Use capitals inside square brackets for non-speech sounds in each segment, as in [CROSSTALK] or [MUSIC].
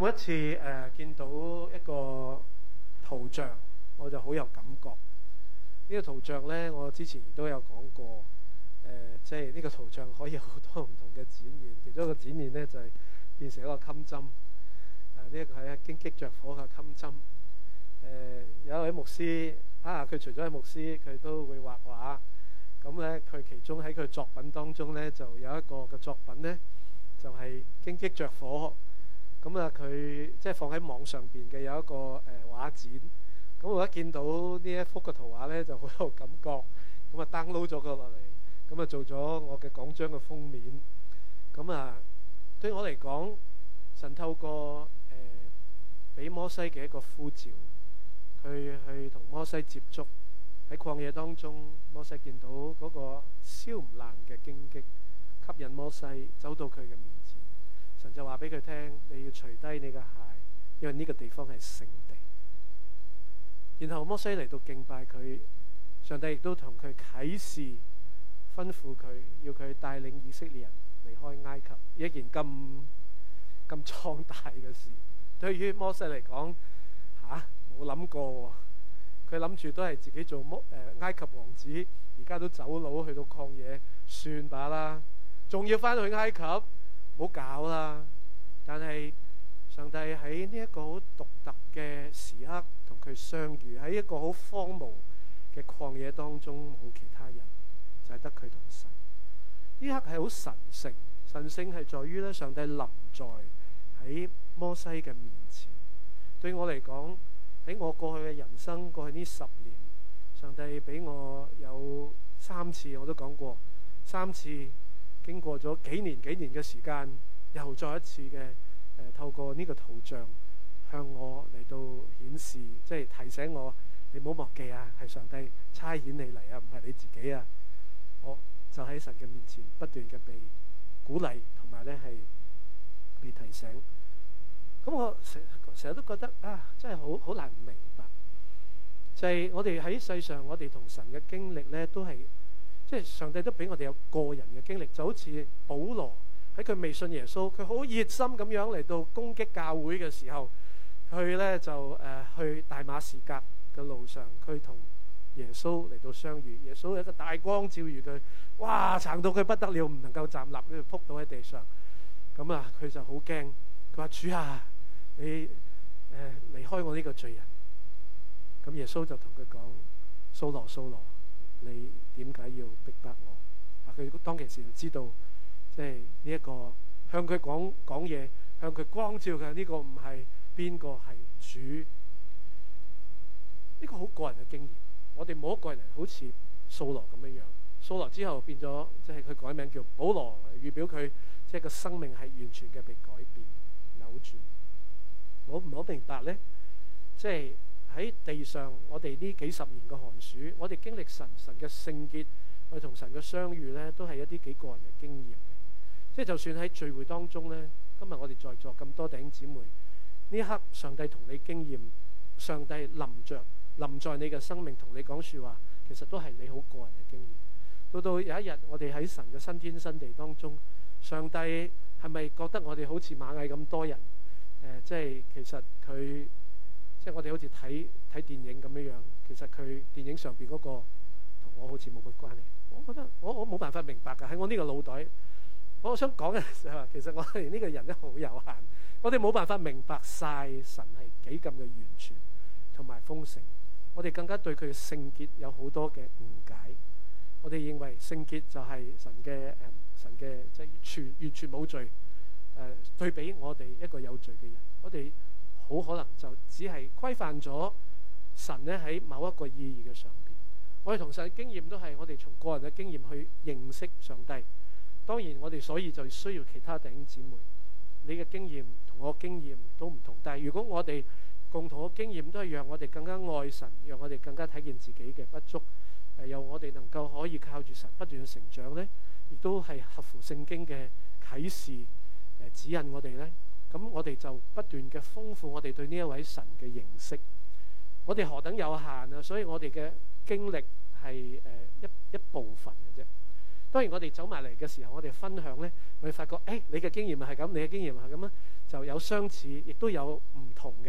每一次誒、呃、見到一個圖像，我就好有感覺。呢、這個圖像呢，我之前都有講過，呃、即係呢個圖像可以有好多唔同嘅展現。其中一個展現呢，就係、是、變成一個襟針，呢一個係一荊棘着火嘅襟針、呃。有一位牧師啊，佢除咗係牧師，佢都會畫畫。咁呢，佢其中喺佢作品當中呢，就有一個嘅作品呢，就係、是、荊棘着火。咁啊，佢即係放喺網上邊嘅有一個誒呃、畫展，咁我一見到呢一幅嘅圖畫咧，就好有感覺，咁啊 download 咗佢落嚟，咁啊做咗我嘅講章嘅封面。咁啊，對我嚟講，神透過誒俾、呃、摩西嘅一個呼召，佢去同摩西接觸，喺曠野當中，摩西見到嗰個燒唔爛嘅荊棘，吸引摩西走到佢嘅面。神就話俾佢聽，你要除低你嘅鞋，因為呢個地方係聖地。然後摩西嚟到敬拜佢，上帝亦都同佢啟示，吩咐佢要佢帶領以色列人離開埃及，這一件咁咁壯大嘅事。對於摩西嚟講，吓，冇諗過，啊，佢諗住都係自己做誒埃及王子，而家都走佬去到曠野，算罷啦，仲要翻去埃及。唔好搞啦！但係上帝喺呢一個好獨特嘅時刻同佢相遇，喺一個好荒蕪嘅曠野當中，冇其他人，就係得佢同神。呢刻係好神聖，神聖係在於咧上帝臨在喺摩西嘅面前。對我嚟講，喺我過去嘅人生過去呢十年，上帝俾我有三次我也，我都講過三次。經過咗幾年幾年嘅時間，又再一次嘅、呃、透過呢個圖像向我嚟到顯示，即係提醒我，你唔好忘記啊，係上帝差遣你嚟啊，唔係你自己啊。我就喺神嘅面前不斷嘅被鼓勵，同埋咧係被提醒。咁我成成日都覺得啊，真係好好難明白，就係、是、我哋喺世上，我哋同神嘅經歷咧都係。即係上帝都俾我哋有個人嘅經歷，就好似保羅喺佢未信耶穌，佢好熱心咁樣嚟到攻擊教會嘅時候，佢咧就去大馬士革嘅路上，佢同耶穌嚟到相遇，耶穌有一個大光照住佢，哇慘到佢不得了，唔能夠站立，佢就仆倒喺地上。咁、嗯、啊，佢就好驚，佢話主啊，你誒離、呃、開我呢個罪人。咁、嗯、耶穌就同佢講：掃羅，掃羅。你點解要逼得我？啊！佢當其時就知道，即係呢一個向佢講講嘢，向佢光照嘅呢個唔係邊個係主？呢個好個人嘅經驗。我哋冇一個人好似掃羅咁樣樣。掃羅之後變咗，即係佢改名叫保羅，預表佢即係個生命係完全嘅被改變、扭轉。我唔好明白咧，即係。喺地上，我哋呢幾十年嘅寒暑，我哋經歷神神嘅聖潔，去同神嘅相遇呢，都係一啲幾個人嘅經驗。即係就算喺聚會當中呢，今日我哋在座咁多弟兄姊妹，呢刻上帝同你經驗，上帝臨着，臨在你嘅生命同你講説話，其實都係你好個人嘅經驗。到到有一日，我哋喺神嘅新天新地當中，上帝係咪覺得我哋好似螞蟻咁多人？呃，即係其實佢。即我哋好似睇睇電影咁樣樣，其實佢電影上邊嗰個同我好似冇乜關係。我覺得我我冇辦法明白噶，喺我呢個腦袋，我想講嘅就係話，其實我哋呢個人都好有限，我哋冇辦法明白晒神係幾咁嘅完全同埋豐盛。我哋更加對佢嘅聖潔有好多嘅誤解。我哋認為聖潔就係神嘅誒，神嘅即係全完全冇罪誒、呃，對比我哋一個有罪嘅人，我哋。好可能就只係規範咗神咧喺某一個意義嘅上邊，我哋同神經經驗都係我哋從個人嘅經驗去認識上帝。當然我哋所以就需要其他弟兄姊妹。你嘅經驗同我經驗都唔同，但係如果我哋共同嘅經驗都係讓我哋更加愛神，讓我哋更加睇見自己嘅不足，誒，由我哋能夠可以靠住神不斷去成長呢，亦都係合乎聖經嘅啟示指引我哋呢。咁我哋就不斷嘅豐富我哋對呢一位神嘅認識。我哋何等有限啊！所以我哋嘅經歷係誒一一部分嘅啫。當然，我哋走埋嚟嘅時候，我哋分享咧，我哋發覺誒你嘅經驗係咁，你嘅經驗係咁啊，就有相似，亦都有唔同嘅。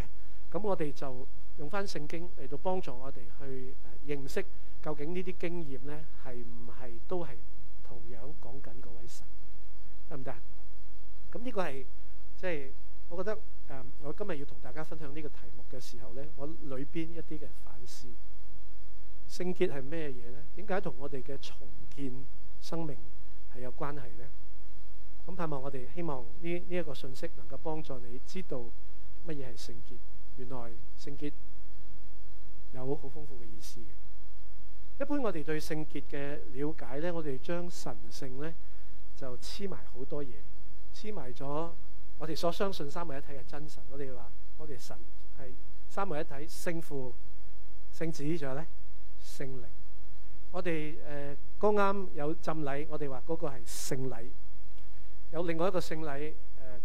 咁我哋就用翻聖經嚟到幫助我哋去認識究竟呢啲經驗咧係唔係都係同樣講緊嗰位神，得唔得？咁呢個係。即係我覺得誒、嗯，我今日要同大家分享呢個題目嘅時候呢，我裏邊一啲嘅反思聖潔係咩嘢呢？點解同我哋嘅重建生命係有關係呢？咁盼望我哋希望呢呢一個信息能夠幫助你知道乜嘢係聖潔。原來聖潔有好豐富嘅意思嘅。一般我哋對聖潔嘅了解呢，我哋將神聖呢就黐埋好多嘢，黐埋咗。我哋所相信三位一體係真神。我哋話，我哋神係三位一體，聖父、聖子，仲有咧聖靈。我哋誒剛啱有浸禮，我哋話嗰個係聖禮。有另外一個聖禮，誒基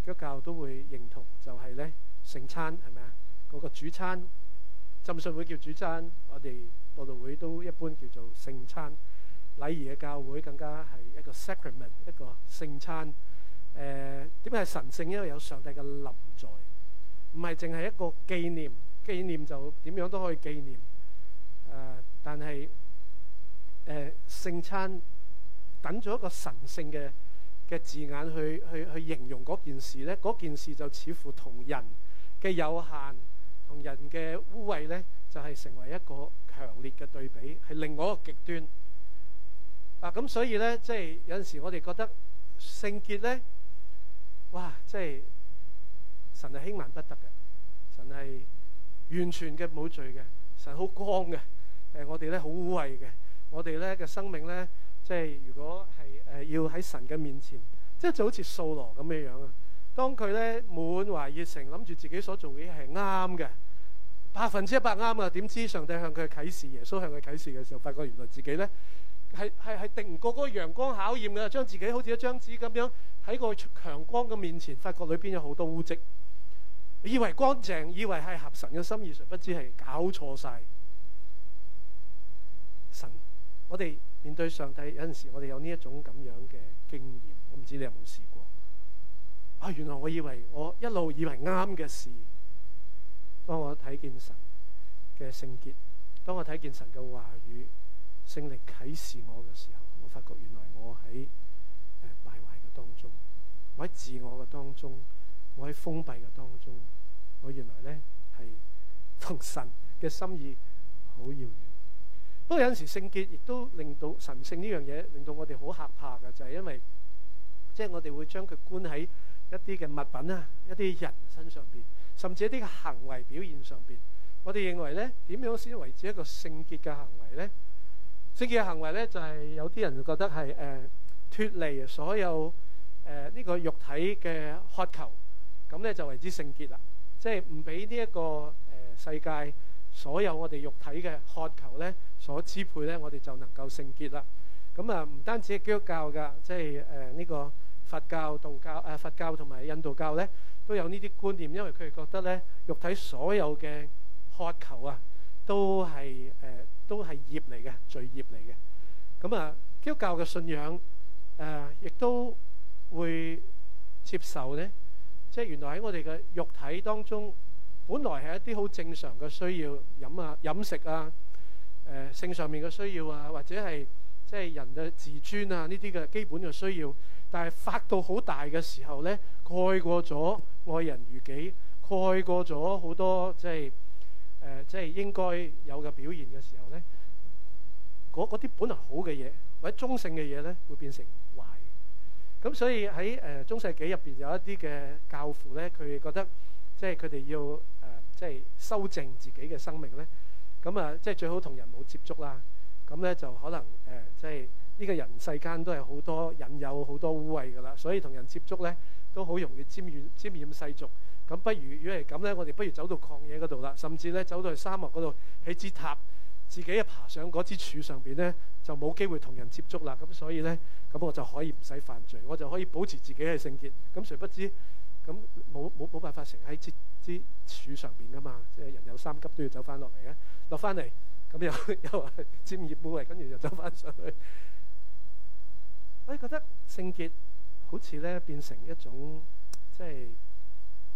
督教都會認同，就係咧聖餐，係咪啊？嗰個主餐，浸信會叫主餐，我哋播道會都一般叫做聖餐。禮儀嘅教會更加係一個 Sacrament，一個聖餐。誒點解係神聖？因為有上帝嘅臨在，唔係淨係一個紀念。紀念就點樣都可以紀念誒，但係誒聖餐等咗一個神聖嘅嘅字眼去去去形容嗰件事咧，嗰件事就似乎同人嘅有限同人嘅污穢咧，就係成為一個強烈嘅對比，係另外一個極端啊。咁所以咧，即係有陣時我哋覺得聖潔咧。哇！即係神係輕慢不得嘅，神係完全嘅冇罪嘅，神好光嘅。誒、呃，我哋咧好污穢嘅，我哋咧嘅生命咧，即係如果係誒、呃、要喺神嘅面前，即係就好似掃羅咁嘅樣啊！當佢咧滿懷熱誠，諗住自己所做嘅嘢係啱嘅，百分之一百啱嘅，點知上帝向佢啟示，耶穌向佢啟示嘅時候，發覺原來自己咧～係係係，頂唔過個陽光考驗嘅，將自己好似一張紙咁樣喺個強光嘅面前，發覺裏邊有好多污迹。以為乾淨，以為係合神嘅心意，誰不知係搞錯晒。神，我哋面對上帝有陣時，我哋有呢一種咁樣嘅經驗。我唔知你有冇試過？啊，原來我以為我一路以為啱嘅事，當我睇見神嘅聖潔，當我睇見神嘅話語。聖靈啟示我嘅時候，我發覺原來我喺誒、呃、敗壞嘅當中，我喺自我嘅當中，我喺封閉嘅當中，我原來咧係同神嘅心意好遙遠。不過有陣時聖潔亦都令到神聖呢樣嘢，令到我哋好嚇怕㗎，就係、是、因為即係、就是、我哋會將佢關喺一啲嘅物品啊、一啲人身上邊，甚至一啲嘅行為表現上邊。我哋認為咧點樣先為止一個聖潔嘅行為咧？聖潔嘅行為咧，就係、是、有啲人覺得係誒脫離所有誒呢、呃這個肉體嘅渴求，咁咧就為之聖潔啦。即係唔俾呢一個誒、呃、世界所有我哋肉體嘅渴求咧所支配咧，我哋就能夠聖潔啦。咁啊，唔單止係基督教㗎，即係誒呢個佛教、道教誒、呃、佛教同埋印度教咧都有呢啲觀念，因為佢哋覺得咧肉體所有嘅渴求啊都係誒。呃都係業嚟嘅罪孽嚟嘅，咁啊基督教嘅信仰誒，亦、呃、都會接受呢。即係原來喺我哋嘅肉體當中，本來係一啲好正常嘅需要，飲啊飲食啊，誒、呃、性上面嘅需要啊，或者係即係人嘅自尊啊呢啲嘅基本嘅需要，但係發到好大嘅時候呢，蓋過咗愛人如己，蓋過咗好多即係。誒、呃，即係應該有嘅表現嘅時候咧，嗰啲本嚟好嘅嘢或者中性嘅嘢咧，會變成壞。咁所以喺誒、呃、中世紀入邊有一啲嘅教父咧，佢哋覺得即係佢哋要誒，即係、呃、修正自己嘅生命咧。咁啊，即係最好同人冇接觸啦。咁咧就可能誒、呃，即係呢個人世間都係好多引誘好多污穢㗎啦。所以同人接觸咧，都好容易沾染沾染世俗。咁不如，如果係咁咧，我哋不如走到曠野嗰度啦，甚至咧走到去沙漠嗰度，起支塔，自己一爬上嗰支柱上面咧，就冇機會同人接觸啦。咁所以咧，咁我就可以唔使犯罪，我就可以保持自己係聖潔。咁誰不知，咁冇冇冇辦法成喺支支柱上面噶嘛？即係人有三急都要走翻落嚟嘅，落翻嚟，咁又又沾染污穢，跟住又走翻上去。我覺得聖潔好似咧變成一種即係。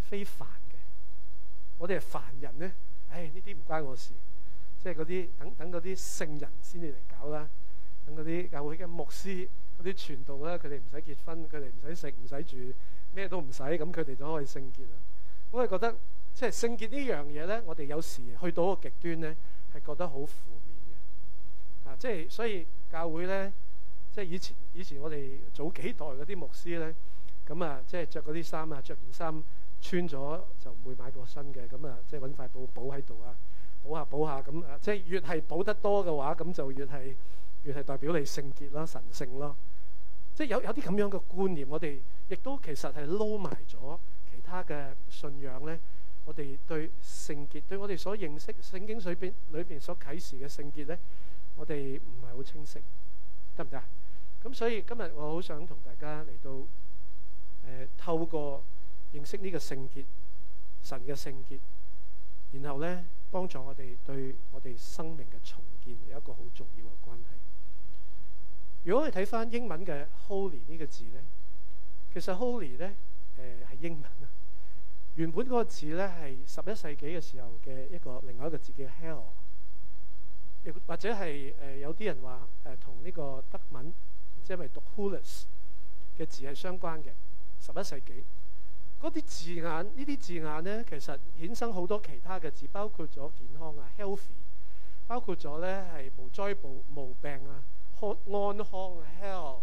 非凡嘅，我哋係凡人咧。唉、哎，呢啲唔關我事，即係嗰啲等等嗰啲聖人先至嚟搞啦。等嗰啲教會嘅牧師嗰啲傳道咧，佢哋唔使結婚，佢哋唔使食，唔使住，咩都唔使，咁佢哋就可以聖潔啦。我哋覺得即係聖潔呢樣嘢咧，我哋有時去到個極端咧，係覺得好負面嘅。啊，即係所以教會咧，即係以前以前我哋早幾代嗰啲牧師咧，咁啊，即係着嗰啲衫啊，着件衫。穿咗就唔會買個新嘅咁啊，即係揾塊布補喺度啊，補下補下咁啊，即係、就是、越係補得多嘅話，咁就越係越係代表你聖潔啦、神聖咯。即係有有啲咁樣嘅觀念，我哋亦都其實係撈埋咗其他嘅信仰咧。我哋對聖潔對我哋所認識聖經裡邊裏邊所啟示嘅聖潔咧，我哋唔係好清晰得唔得？咁所以今日我好想同大家嚟到誒、呃、透過。認識呢個聖潔，神嘅聖潔，然後咧幫助我哋對我哋生命嘅重建有一個好重要嘅關係。如果我哋睇翻英文嘅 holy 呢個字咧，其實 holy 咧誒係、呃、英文啊。原本嗰個字咧係十一世紀嘅時候嘅一個另外一個字叫 hell，或者係、呃、有啲人話誒同呢個德文即係咪讀 h o l s 嘅字係相關嘅，十一世紀。嗰啲字眼，呢啲字眼咧，其實衍生好多其他嘅字，包括咗健康啊 （healthy），包括咗咧係無災無無病啊 hot, on, （hot health），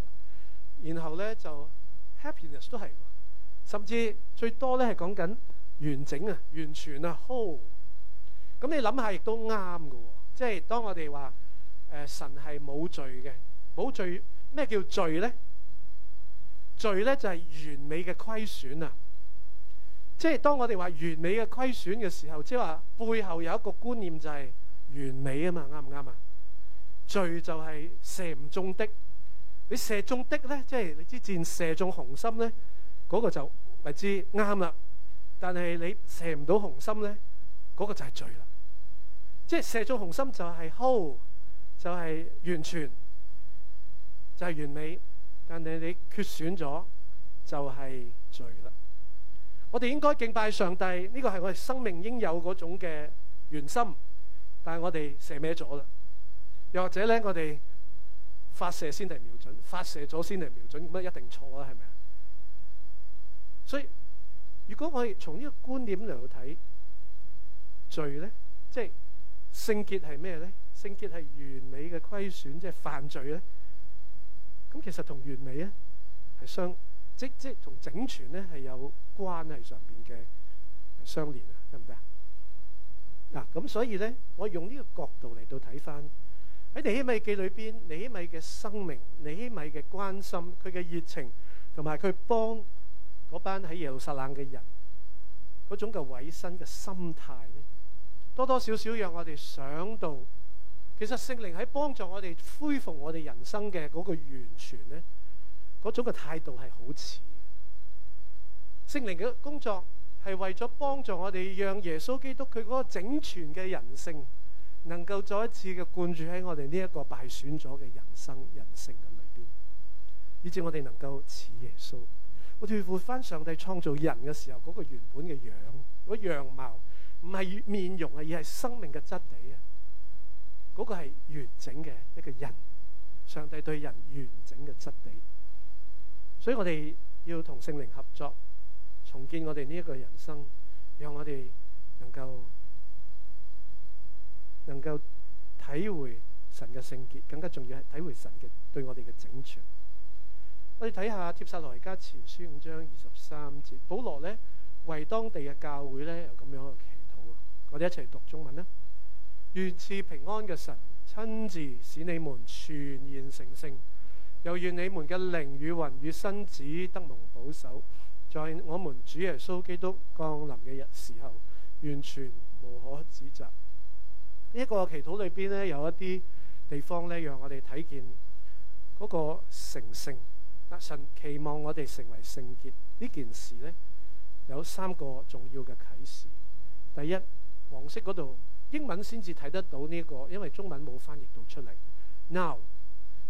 然後咧就 happiness 都係、啊，甚至最多咧係講緊完整啊、完全啊 h o l 咁你諗下，亦都啱㗎喎。即係當我哋話、呃、神係冇罪嘅，冇罪咩叫罪咧？罪咧就係、是、完美嘅虧損啊！即係當我哋話完美嘅虧損嘅時候，即係話背後有一個觀念就係完美啊嘛，啱唔啱啊？罪就係射唔中的，你射中的咧，即係你支箭射中紅心咧，嗰個就咪知啱啦。但係你射唔到紅心咧，嗰個就係罪啦。即係射中紅心就係 hold 就係完全就係完美，但係你缺損咗就係罪啦。我哋應該敬拜上帝，呢個係我哋生命應有嗰種嘅原心，但係我哋射咩咗啦？又或者咧，我哋發射先嚟瞄準，發射咗先嚟瞄準，咁一定錯啦，係咪啊？所以，如果我哋從呢個觀點嚟睇罪咧，即係聖潔係咩咧？聖潔係完美嘅虧損，即係犯罪咧。咁其實同完美咧係相。即即同整全咧係有關係，上面嘅相連行行啊，得唔得啊？嗱，咁所以咧，我用呢個角度嚟到睇翻喺《尼希米記》裏邊，尼希米嘅生命、尼希米嘅關心、佢嘅熱情同埋佢幫嗰班喺耶路撒冷嘅人嗰種嘅委身嘅心態咧，多多少少讓我哋想到，其實聖靈喺幫助我哋恢復我哋人生嘅嗰個完全咧。嗰種嘅態度係好似聖靈嘅工作係為咗幫助我哋，讓耶穌基督佢嗰個整全嘅人性能夠再一次嘅灌注喺我哋呢一個敗選咗嘅人生人性嘅裏邊，以至我哋能夠似耶穌。我哋活返上帝創造人嘅時候嗰個原本嘅樣，嗰個樣貌唔係面容啊，而係生命嘅質地啊。嗰個係完整嘅一個人，上帝對人完整嘅質地。所以我哋要同聖靈合作，重建我哋呢一個人生，讓我哋能夠能夠體會神嘅聖潔，更加重要係體會神嘅對我哋嘅整全。我哋睇下帖撒羅尼迦前書五章二十三節，保羅咧為當地嘅教會咧有咁樣嘅祈禱。我哋一齊讀中文啦。願賜平安嘅神親自使你們全然成聖。又願你們嘅靈與魂與身子得蒙保守，在我們主耶穌基督降臨嘅日時候，完全無可指責。呢一個祈禱裏邊呢，有一啲地方呢，讓我哋睇見嗰個成聖。阿神期望我哋成為聖潔呢件事呢，有三個重要嘅啟示。第一，黃色嗰度英文先至睇得到呢個，因為中文冇翻譯到出嚟。Now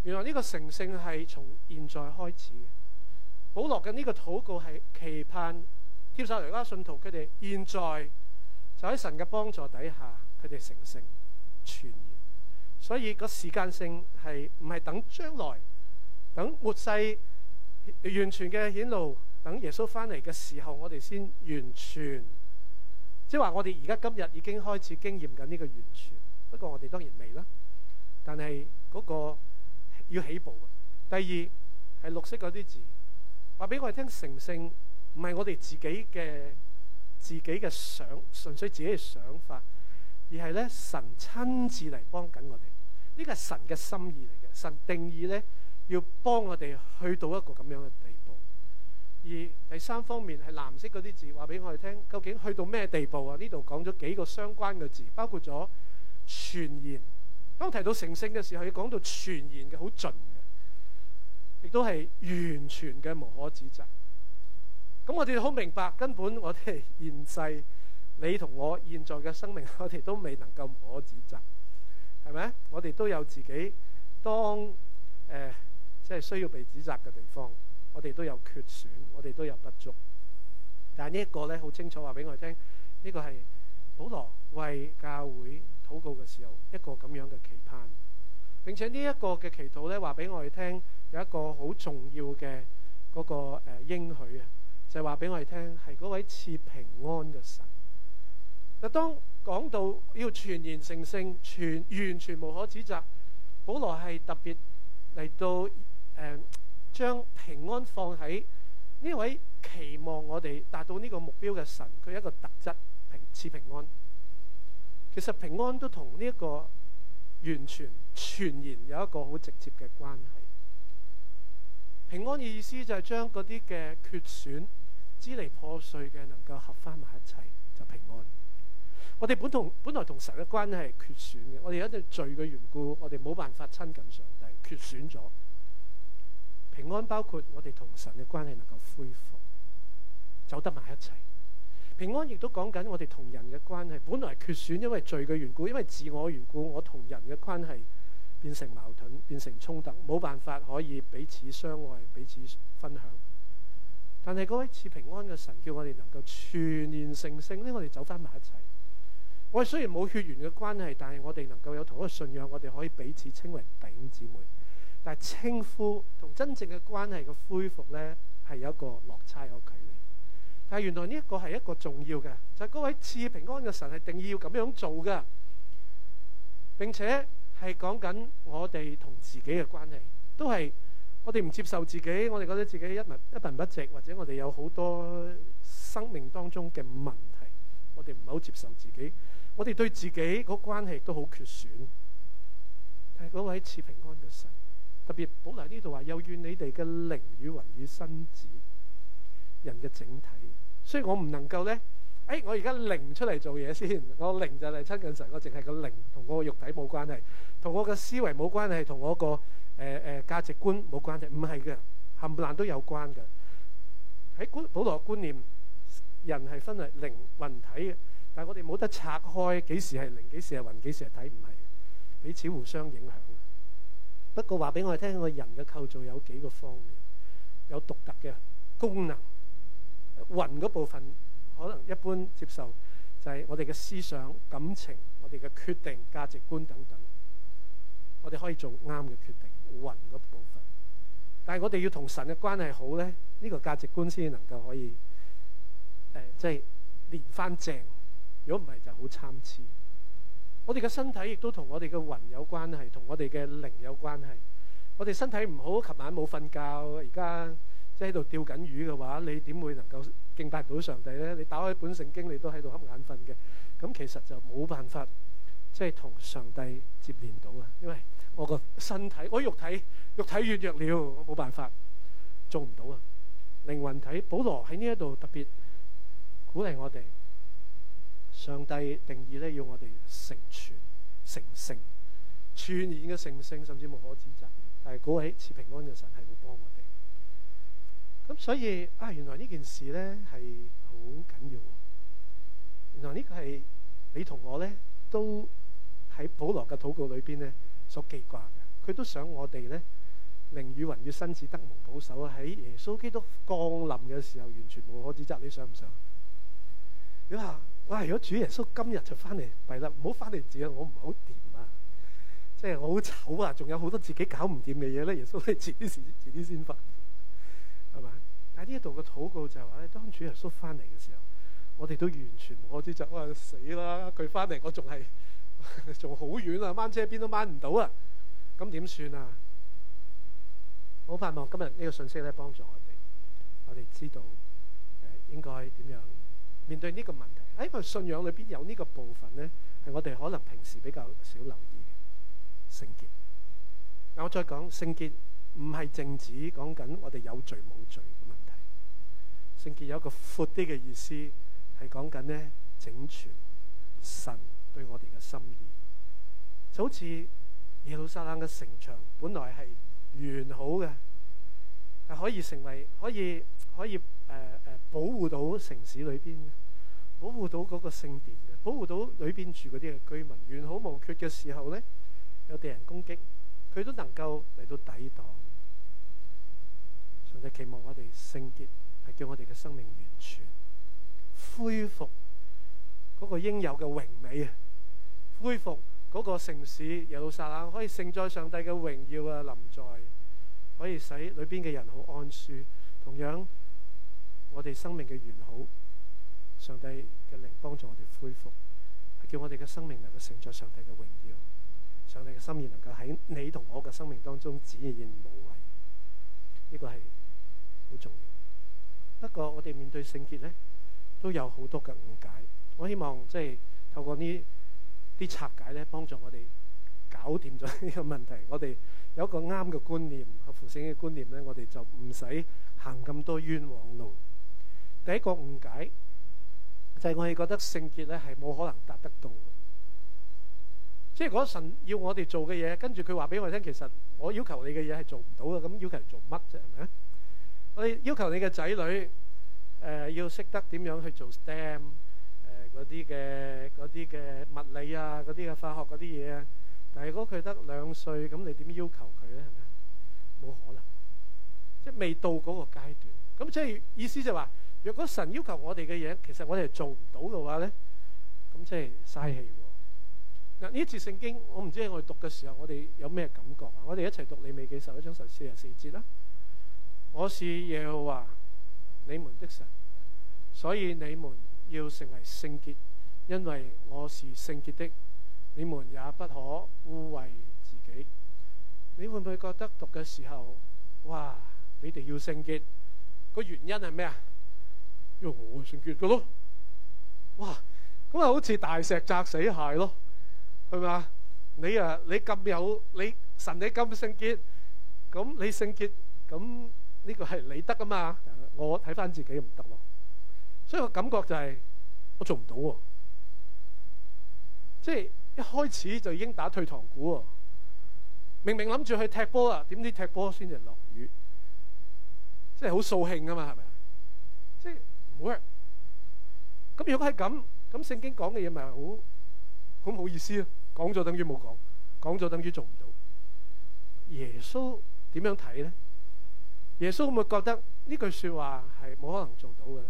原來呢個成聖係從現在開始嘅。保羅嘅呢個禱告係期盼帖撒羅尼迦信徒，佢哋現在就喺神嘅幫助底下，佢哋成聖傳揚。所以個時間性係唔係等將來，等末世完全嘅顯露，等耶穌翻嚟嘅時候，我哋先完全。即係話我哋而家今日已經開始經驗緊呢個完全，不過我哋當然未啦。但係嗰個。要起步嘅。第二係綠色嗰啲字，話俾我哋聽，成聖唔係我哋自己嘅自己嘅想，純粹自己嘅想法，而係咧神親自嚟幫緊我哋。呢個係神嘅心意嚟嘅，神定意咧要幫我哋去到一個咁樣嘅地步。而第三方面係藍色嗰啲字，話俾我哋聽，究竟去到咩地步啊？呢度講咗幾個相關嘅字，包括咗傳言。當提到成聖嘅時候，要講到全然嘅好盡嘅，亦都係完全嘅無可指責。咁我哋好明白，根本我哋現世你同我現在嘅生命，我哋都未能夠無可指責，係咪？我哋都有自己當誒即係需要被指責嘅地方，我哋都有缺損，我哋都有不足。但呢一個咧，好清楚話俾我哋聽，呢、這個係保羅為教會禱告嘅時候，一個咁樣嘅期盼，並且呢一個嘅祈禱呢，話俾我哋聽，有一個好重要嘅嗰個誒應許啊，就係話俾我哋聽，係嗰位賜平安嘅神。嗱，當講到要全然成聖，全完全無可指責，保羅係特別嚟到誒將、嗯、平安放喺呢位期望我哋達到呢個目標嘅神，佢一個特質，平賜平安。其實平安都同呢一個完全全然有一個好直接嘅關係。平安嘅意思就係將嗰啲嘅缺損支離破碎嘅能夠合翻埋一齊，就平安。我哋本同本來同神嘅關係係缺損嘅，我哋因為罪嘅緣故，我哋冇辦法親近上帝，缺損咗。平安包括我哋同神嘅關係能夠恢復，走得埋一齊。平安亦都講緊我哋同人嘅關係，本來缺損，因為罪嘅緣故，因為自我緣故，我同人嘅關係變成矛盾，變成衝突，冇辦法可以彼此相愛、彼此分享。但係嗰位賜平安嘅神，叫我哋能夠全然成聖呢，我哋走翻埋一齊。我哋雖然冇血緣嘅關係，但係我哋能夠有同一個信仰，我哋可以彼此稱為弟兄姊妹。但係稱呼同真正嘅關係嘅恢復呢，係有一個落差，有距離。但係原來呢一個係一個重要嘅，就係、是、嗰位賜平安嘅神係定義要咁樣做嘅，並且係講緊我哋同自己嘅關係，都係我哋唔接受自己，我哋覺得自己一文一不值，或者我哋有好多生命當中嘅問題，我哋唔係好接受自己，我哋對自己個關係都好缺損。但係嗰位賜平安嘅神，特別保羅呢度話，又願你哋嘅靈與魂與身子，人嘅整體。所以我唔能夠咧，誒，我而家靈出嚟做嘢先。我靈就係親近神，我淨係個靈同我個肉體冇關係，同我嘅思維冇關係，同我個誒誒價值觀冇關係。唔係嘅，冚唪唥都有關嘅。喺古保羅觀念，人係分為靈、魂、體嘅，但係我哋冇得拆開。幾時係靈？幾時係魂？幾時係體？唔係嘅，彼此互相影響。不過話俾我哋聽，個人嘅構造有幾個方面，有獨特嘅功能。魂嗰部分可能一般接受就係我哋嘅思想、感情、我哋嘅決定、價值觀等等，我哋可以做啱嘅決定。魂嗰部分，但係我哋要同神嘅關係好咧，呢、這個價值觀先能夠可以誒，即、呃、係、就是、連翻正。如果唔係，就好參差。我哋嘅身體亦都同我哋嘅魂有關係，同我哋嘅靈有關係。我哋身體唔好，琴晚冇瞓覺，而家。即喺度釣緊魚嘅話，你點會能夠敬拜到上帝咧？你打開本聖經，你都喺度瞌眼瞓嘅，咁其實就冇辦法，即係同上帝接連到啊！因為我個身體，我肉體，肉體軟弱了，我冇辦法做唔到啊！靈魂體，保羅喺呢一度特別鼓勵我哋，上帝定意咧要我哋成全、成聖、全然嘅成聖，甚至無可指責。但係嗰位賜平安嘅神係會幫我哋。咁所以啊，原來呢件事咧係好緊要。原來呢個係你同我咧都喺保羅嘅禱告裏邊咧所記掛嘅。佢都想我哋咧，靈與魂與身子得蒙保守喺耶穌基督降臨嘅時候，完全無可指責。你想唔想？你話：，哇！如果主耶穌今日就翻嚟，弊啦，唔好翻嚟！自己我唔好掂啊，即係我好醜啊，仲有好多自己搞唔掂嘅嘢咧。耶穌，你遲啲、遲啲、遲啲先返。喺呢一度嘅禱告就係話咧，當主耶穌翻嚟嘅時候，我哋都完全不知我啲就話死啦。佢翻嚟，我仲係仲好遠啊，掹車邊都掹唔到啊。咁點算啊？好盼望今日呢個信息咧，幫助我哋，我哋知道誒、呃、應該點樣面對呢個問題。喺個信仰裏邊有呢個部分咧，係我哋可能平時比較少留意嘅聖潔。嗱，我再講聖潔唔係淨止講緊我哋有罪冇罪。聖潔有一個闊啲嘅意思，係講緊呢，整全神對我哋嘅心意，就好似耶路撒冷嘅城牆本來係完好嘅，係可以成為可以可以誒誒、呃、保護到城市裏邊嘅，保護到嗰個聖殿嘅，保護到裏邊住嗰啲嘅居民完好無缺嘅時候呢，有敵人攻擊佢都能夠嚟到抵擋。上帝期望我哋聖潔。係叫我哋嘅生命完全恢復嗰個應有嘅榮美啊！恢復嗰個城市，耶路撒冷可以盛載上帝嘅榮耀啊！臨在可以使裏邊嘅人好安舒。同樣，我哋生命嘅完好，上帝嘅靈幫助我哋恢復，係叫我哋嘅生命能夠盛載上帝嘅榮耀。上帝嘅心意能夠喺你同我嘅生命當中展現無遺，呢、這個係好重要的。不過我哋面對聖潔咧，都有好多嘅誤解。我希望即係透過呢啲拆解咧，幫助我哋搞掂咗呢個問題。我哋有一個啱嘅觀念、合乎聖經嘅觀念咧，我哋就唔使行咁多冤枉路。嗯、第一個誤解就係、是、我哋覺得聖潔咧係冇可能達得到嘅，即係嗰神要我哋做嘅嘢，跟住佢話俾我聽，其實我要求你嘅嘢係做唔到嘅，咁要求做乜啫？係咪啊？我哋要求你嘅仔女，誒要識得點樣去做 STEM，誒嗰啲嘅嗰啲嘅物理啊，嗰啲嘅化學嗰啲嘢啊，但係如果佢得兩歲，咁你點要求佢咧？係咪？冇可能，即係未到嗰個階段。咁即係意思就話，若果神要求我哋嘅嘢，其實我哋係做唔到嘅話咧，咁即係嘥氣喎。嗱，呢次聖經，我唔知我哋讀嘅時候，我哋有咩感覺啊？我哋一齊讀利未記十一章十四至十四節啦。我是耶和華，你們的神，所以你們要成為聖潔，因為我是聖潔的，你們也不可污穢自己。你會唔會覺得讀嘅時候，哇！你哋要聖潔，個原因係咩啊？因為我係聖潔嘅咯，哇！咁啊，好似大石砸死蟹咯，係咪啊？你啊，你咁有，你神這麼聖你咁聖潔，咁你聖潔，咁。呢個係你得啊嘛，我睇翻自己唔得喎，所以我感覺就係我做唔到喎，即係一開始就已經打退堂鼓喎。明明諗住去踢波啦，點知踢波先至落雨，即係好掃興啊嘛，係咪啊？即係唔會。咁如果係咁，咁聖經講嘅嘢咪好好唔好意思咯？講咗等於冇講，講咗等於做唔到。耶穌點樣睇咧？耶穌會唔會覺得呢句說話係冇可能做到嘅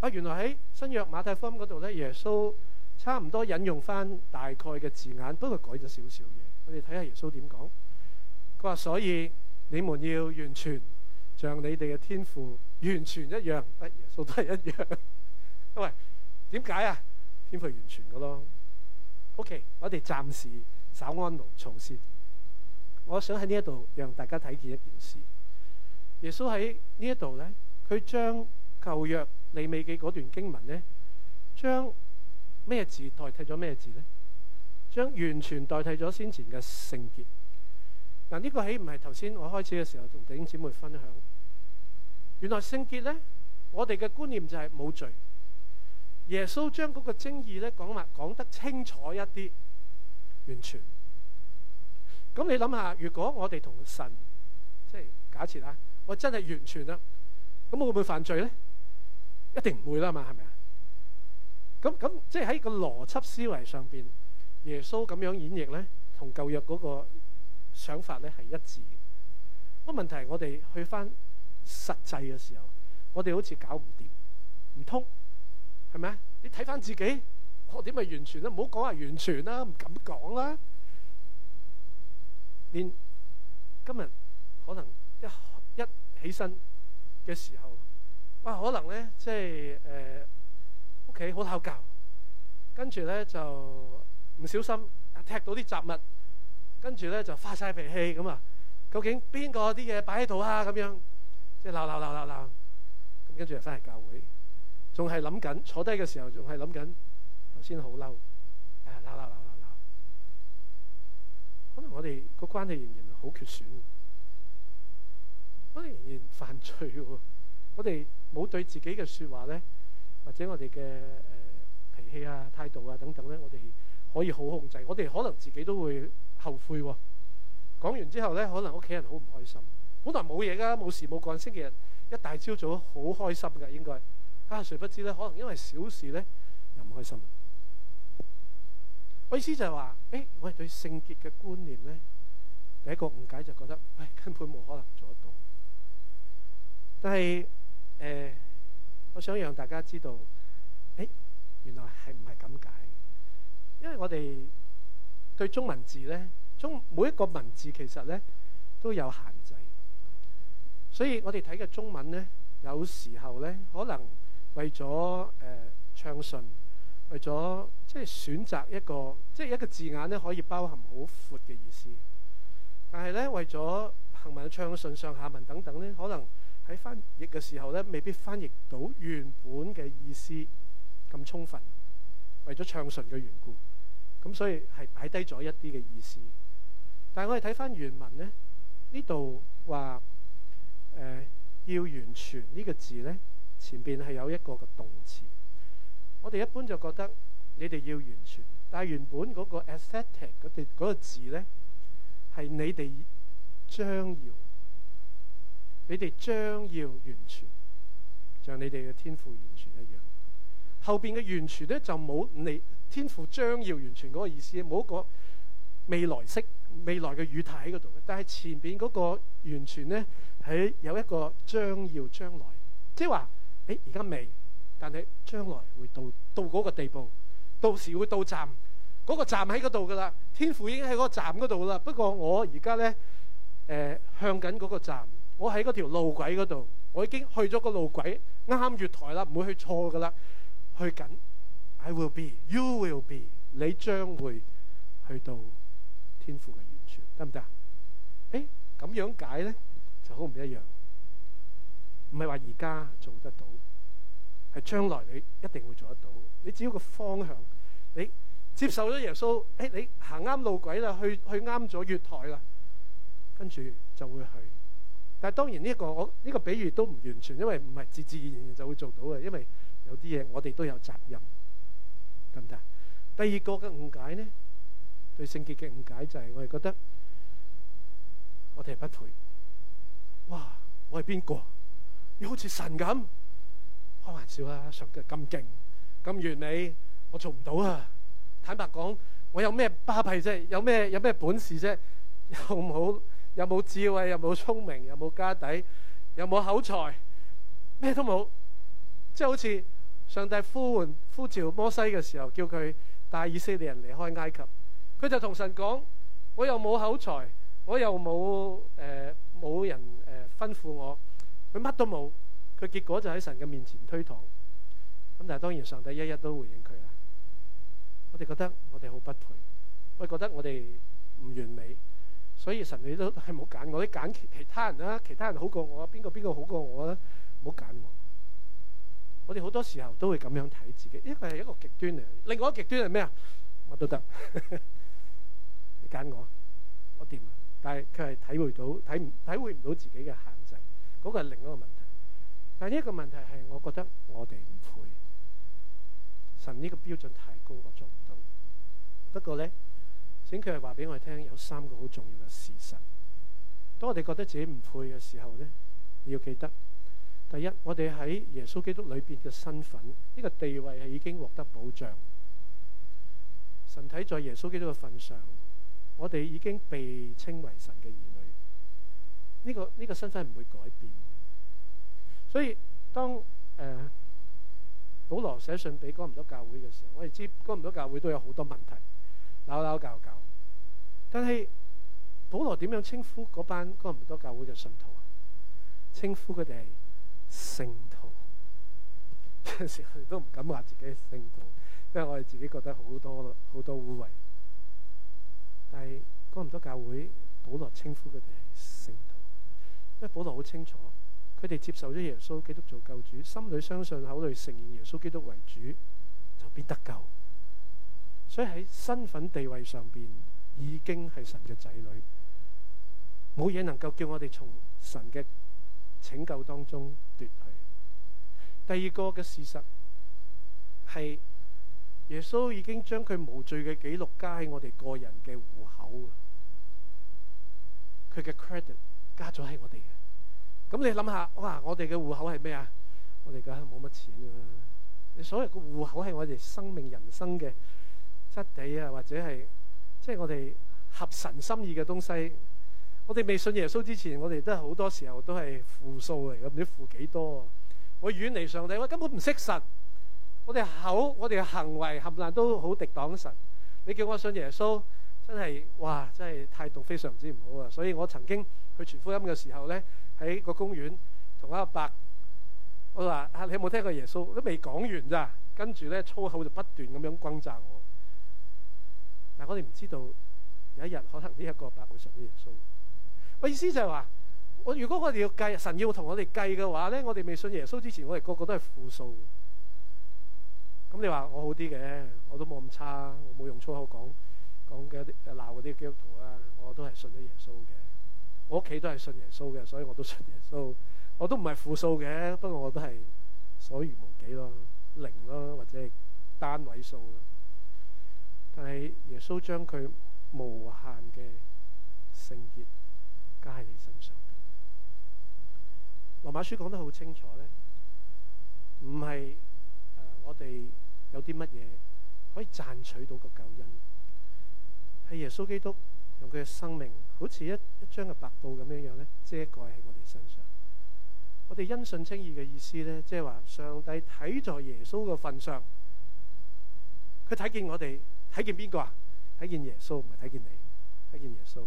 啊！原來喺新約馬太福音嗰度咧，耶穌差唔多引用翻大概嘅字眼，不過改咗少少嘢。我哋睇下耶穌點講，佢話，所以你們要完全像你哋嘅天父完全一樣。啊，耶穌都係一樣， [LAUGHS] 喂，為點解啊？天父完全嘅咯。O.K.，我哋暫時稍安勿躁先。我想喺呢一度讓大家睇見一件事。耶穌喺呢一度咧，佢將舊約利未記嗰段經文咧，將咩字代替咗咩字咧？將完全代替咗先前嘅聖潔。嗱、這、呢個起唔係頭先我開始嘅時候同弟兄姊妹分享。原來聖潔咧，我哋嘅觀念就係冇罪。耶穌將嗰個精義咧，講話講得清楚一啲，完全。咁你諗下，如果我哋同神即係假設啊？我真係完全啦，咁我會唔會犯罪咧？一定唔會啦嘛，係咪啊？咁咁即係喺個邏輯思維上邊，耶穌咁樣演繹咧，同舊約嗰個想法咧係一致嘅。那個問題係我哋去翻實際嘅時候，我哋好似搞唔掂，唔通係咪？你睇翻自己，我點咪完全啦？唔好講係完全啦，唔敢講啦。連今日可能一。起身嘅時候，哇！可能咧即係誒屋企好鬧交，跟住咧就唔小心踢到啲雜物，跟住咧就發晒脾氣咁啊！究竟邊個啲嘢擺喺度啊？咁樣即係鬧鬧鬧鬧鬧，咁跟住又翻嚟教會，仲係諗緊。坐低嘅時候仲係諗緊頭先好嬲，啊鬧鬧鬧鬧鬧，可能我哋個關係仍然好缺損。都仍然犯罪喎！我哋冇對自己嘅說話咧，或者我哋嘅誒脾氣啊、態度啊等等咧，我哋可以好控制。我哋可能自己都會後悔喎。講完之後咧，可能屋企人好唔開心。本來冇嘢㗎，冇事冇幹，星期日一大朝早好開心嘅應該啊，誰不知咧？可能因為小事咧，又唔開心。我意思就係話，誒、欸，我哋對聖潔嘅觀念咧，第一個誤解就覺得喂、欸、根本冇可能做得到。但係，誒、呃，我想讓大家知道，誒、欸，原來係唔係咁解。因為我哋對中文字咧，中每一個文字其實咧都有限制，所以我哋睇嘅中文咧，有時候咧可能為咗誒暢順，為咗即係選擇一個即係、就是、一個字眼咧，可以包含好闊嘅意思。但係咧，為咗行文暢順、上下文等等咧，可能，喺翻譯嘅時候咧，未必翻譯到原本嘅意思咁充分，為咗暢順嘅緣故，咁所以係擺低咗一啲嘅意思。但係我哋睇翻原文咧，呢度話誒要完全呢個字咧，前邊係有一個嘅動詞。我哋一般就覺得你哋要完全，但係原本嗰個 aesthetic 嗰啲嗰個字咧，係你哋將要。你哋將要完全，像你哋嘅天父完全一樣。後邊嘅完全咧，就冇你天父將要完全嗰個意思，冇一個未來式未來嘅語態喺嗰度。但係前邊嗰個完全咧，係有一個將要將來，即係話誒而家未，但係將來會到到嗰個地步，到時會到站嗰個站喺嗰度㗎啦。天父已經喺嗰個站嗰度啦。不過我而家咧誒向緊嗰個站。我喺嗰條路軌嗰度，我已經去咗個路軌啱月台啦，唔會去錯㗎啦。去緊，I will be，you will be，你將會去到天父嘅完全，得唔得啊？誒咁樣解呢就好唔一樣，唔係話而家做得到，係將來你一定會做得到。你只要個方向，你接受咗耶穌，誒你行啱路軌啦，去去啱咗月台啦，跟住就會去。但係當然呢一個我呢個比喻都唔完全，因為唔係自自然然就會做到嘅，因為有啲嘢我哋都有責任，得唔得？第二個嘅誤解咧，對聖潔嘅誤解就係我哋覺得我哋係不配，哇！我係邊個？你好似神咁，開玩笑呀，上嘅咁勁咁完美，我做唔到啊！坦白講，我有咩巴閉啫？有咩有咩本事啫？有冇？又冇智慧，又冇聰明，又冇家底，又冇口才，咩都冇，即係好似上帝呼喚呼召摩西嘅時候，叫佢帶以色列人離開埃及，佢就同神講：我又冇口才，我又冇誒冇人誒、呃、吩咐我，佢乜都冇，佢結果就喺神嘅面前推搪。咁但係當然上帝一一都回應佢啦。我哋覺得我哋好不配，我哋覺得我哋唔完美。所以神你都係冇揀我，你揀其他人啦，其他人好過我，邊個邊個好過我咧？唔好揀我，我哋好多時候都會咁樣睇自己，呢個係一個極端嚟。另外一個極端係咩啊？我都得，你揀我，我掂。但係佢係體會到，體唔體會唔到自己嘅限制，嗰個係另一個問題。但係呢一個問題係我覺得我哋唔配，神呢個標準太高，我做唔到。不過咧。請佢係話俾我哋聽，有三個好重要嘅事實。當我哋覺得自己唔配嘅時候咧，你要記得第一，我哋喺耶穌基督裏面嘅身份，呢、這個地位係已經獲得保障。神體在耶穌基督嘅份上，我哋已經被稱為神嘅兒女。呢、這個呢、這個、身份唔會改變。所以當誒、呃、保羅寫信俾哥林多教會嘅時候，我哋知哥林多教會都有好多問題。扭扭教教，但係保羅點樣稱呼嗰班哥林多教會嘅信徒啊？稱呼佢哋係聖徒。有陣時我哋都唔敢話自己係聖徒，因為我哋自己覺得好多好多污穢。但係哥林多教會，保羅稱呼佢哋係聖徒，因為保羅好清楚，佢哋接受咗耶穌基督做救主，心裏相信，口裏承認耶穌基督為主，就必得救。所以喺身份地位上面已經係神嘅仔女，冇嘢能夠叫我哋從神嘅拯救當中奪去。第二個嘅事實係耶穌已經將佢無罪嘅記錄加喺我哋個人嘅戶口，佢嘅 credit 加咗喺我哋嘅。咁你諗下，哇！我哋嘅戶口係咩啊？我哋梗係冇乜錢噶啦。你所謂個戶口係我哋生命人生嘅。得地啊，或者係即係我哋合神心意嘅東西。我哋未信耶穌之前，我哋都好多時候都係負數嚟嘅，唔知負幾多。我遠離上帝，我、哎、根本唔識神。我哋口，我哋嘅行為冚唪唥都好敵擋神。你叫我信耶穌，真係哇，真係態度非常之唔好啊！所以我曾經去傳福音嘅時候咧，喺個公園同阿伯，我話啊，你有冇聽過耶穌？都未講完咋，跟住咧粗口就不斷咁樣轟炸我。但係我哋唔知道有一日可能呢一個伯伯會信咗耶穌。我意思就係話，我如果我哋要計神要同我哋計嘅話咧，我哋未信耶穌之前，我哋個個都係負數。咁你話我好啲嘅，我都冇咁差，我冇用粗口講講嘅啲鬧嗰啲基督徒啊，我都係信咗耶穌嘅。我屋企都係信耶穌嘅，所以我都信耶穌。我都唔係負數嘅，不過我都係所餘無幾咯，零咯或者係單位數咯。但係耶穌將佢無限嘅聖潔加喺你身上。羅馬書講得好清楚咧，唔係我哋有啲乜嘢可以賺取到個救恩？係耶穌基督用佢嘅生命，好似一一張嘅白布咁樣樣咧，遮蓋喺我哋身上。我哋因信稱義嘅意思咧，即係話上帝睇在耶穌嘅份上，佢睇見我哋。睇見邊個啊？睇見耶穌，唔係睇見你，睇見耶穌。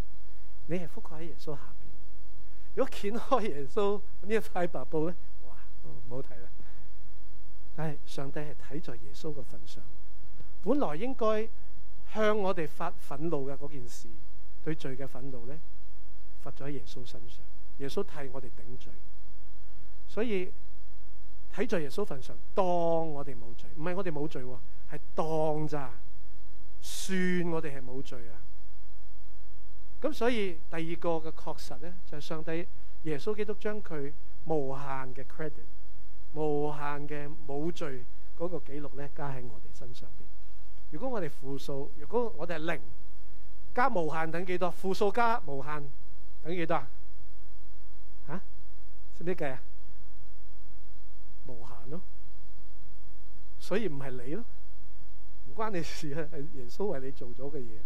你係覆蓋喺耶穌下邊。如果掀開耶穌呢一塊白布咧，哇，唔好睇啦。但係上帝係睇在耶穌嘅份上，本來應該向我哋發憤怒嘅嗰件事，對罪嘅憤怒咧，罰咗喺耶穌身上。耶穌替我哋頂罪，所以睇在耶穌的份上，當我哋冇罪。唔係我哋冇罪，係當咋。算我哋係冇罪啊！咁所以第二個嘅確實咧，就係上帝耶穌基督將佢無限嘅 credit、無限嘅冇罪嗰個記錄咧，加喺我哋身上邊。如果我哋負數，如果我哋係零，加無限等幾多？負數加無限等於幾多啊？吓識唔識計啊？無限咯，所以唔係你咯。唔關你事啊！係耶穌為你做咗嘅嘢，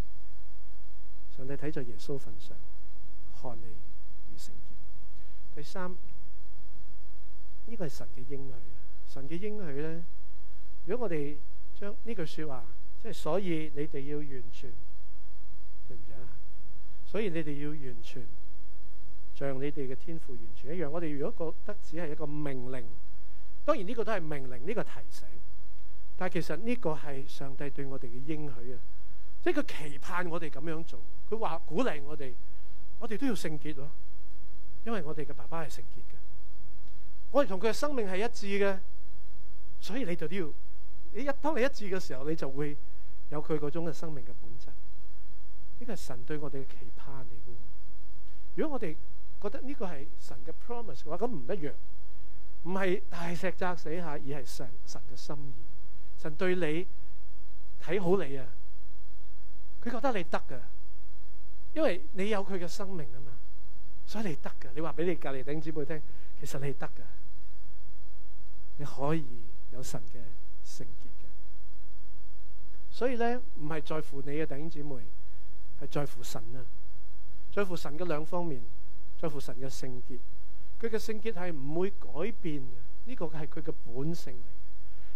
上帝睇在耶穌份上，看你如聖潔。第三，呢個係神嘅應許，神嘅應許咧。如果我哋將呢句說話，即係所以你哋要完全，對唔對啊？所以你哋要完全像你哋嘅天父完全一樣。我哋如果覺得只係一個命令，當然呢個都係命令，呢個提醒。但係其實呢個係上帝對我哋嘅應許啊，即係佢期盼我哋咁樣做。佢話鼓勵我哋，我哋都要聖潔咯，因為我哋嘅爸爸係聖潔嘅，我哋同佢嘅生命係一致嘅，所以你就都要你一當你一致嘅時候，你就會有佢嗰種嘅生命嘅本質。呢個係神對我哋嘅期盼嚟嘅。如果我哋覺得呢個係神嘅 promise 嘅話，咁唔一樣，唔係大石砸死下，而係神神嘅心意。神對你睇好你啊，佢覺得你得噶，因為你有佢嘅生命啊嘛，所以你得噶。你話俾你隔籬頂姊妹聽，其實你係得噶，你可以有神嘅聖潔嘅。所以咧，唔係在乎你嘅弟兄姊妹，係在乎神啊，在乎神嘅兩方面，在乎神嘅聖潔。佢嘅聖潔係唔會改變嘅，呢個係佢嘅本性嚟。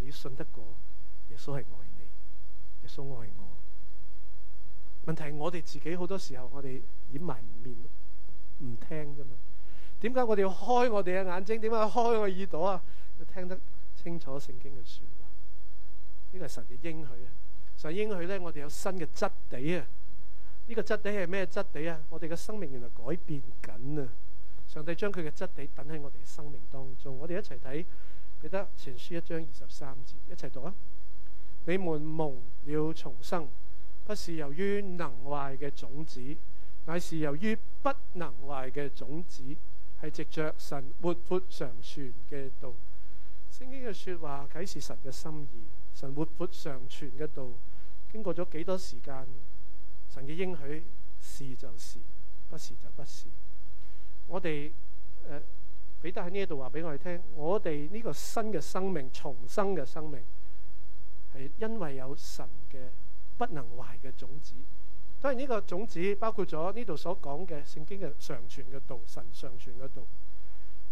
你要信得過耶穌係愛你，耶穌愛我。問題係我哋自己好多時候，我哋掩埋面唔聽啫嘛。點解我哋要開我哋嘅眼睛？點解要開我耳朵啊？要聽得清楚聖經嘅說話。呢個係神嘅應許啊！神應許咧，我哋有新嘅質地啊！呢個質地係咩質地啊？我哋嘅生命原來改變緊啊！上帝將佢嘅質地等喺我哋生命當中，我哋一齊睇。記得前書一章二十三節，一齊讀啊！你們蒙了重生，不是由於能壞嘅種子，乃是由於不能壞嘅種子，係藉着神活活常存嘅道。聖經嘅說話啟示神嘅心意，神活潑常存嘅道，經過咗幾多時間，神嘅應許是就是，不是就不是。我哋誒。呃彼得喺呢一度話俾我哋聽，我哋呢個新嘅生命、重生嘅生命係因為有神嘅不能壞嘅種子。當然呢個種子包括咗呢度所講嘅聖經嘅上傳嘅道、神上傳嘅道，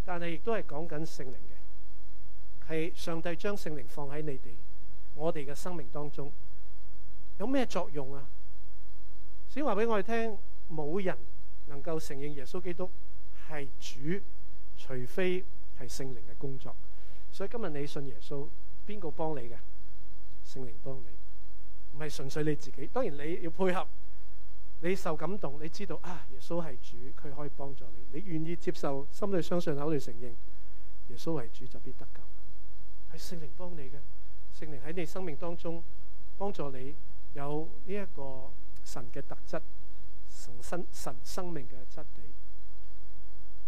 但係亦都係講緊聖靈嘅。係上帝將聖靈放喺你哋我哋嘅生命當中有咩作用啊？先話俾我哋聽，冇人能夠承認耶穌基督係主。除非係聖靈嘅工作，所以今日你信耶穌邊個幫你嘅？聖靈幫你，唔係純粹你自己。當然你要配合，你受感動，你知道啊，耶穌係主，佢可以幫助你。你願意接受，心裏相信，口裏承認耶穌為主，就必得救。係聖靈幫你嘅，聖靈喺你生命當中幫助你有呢一個神嘅特質，神生神生命嘅質地。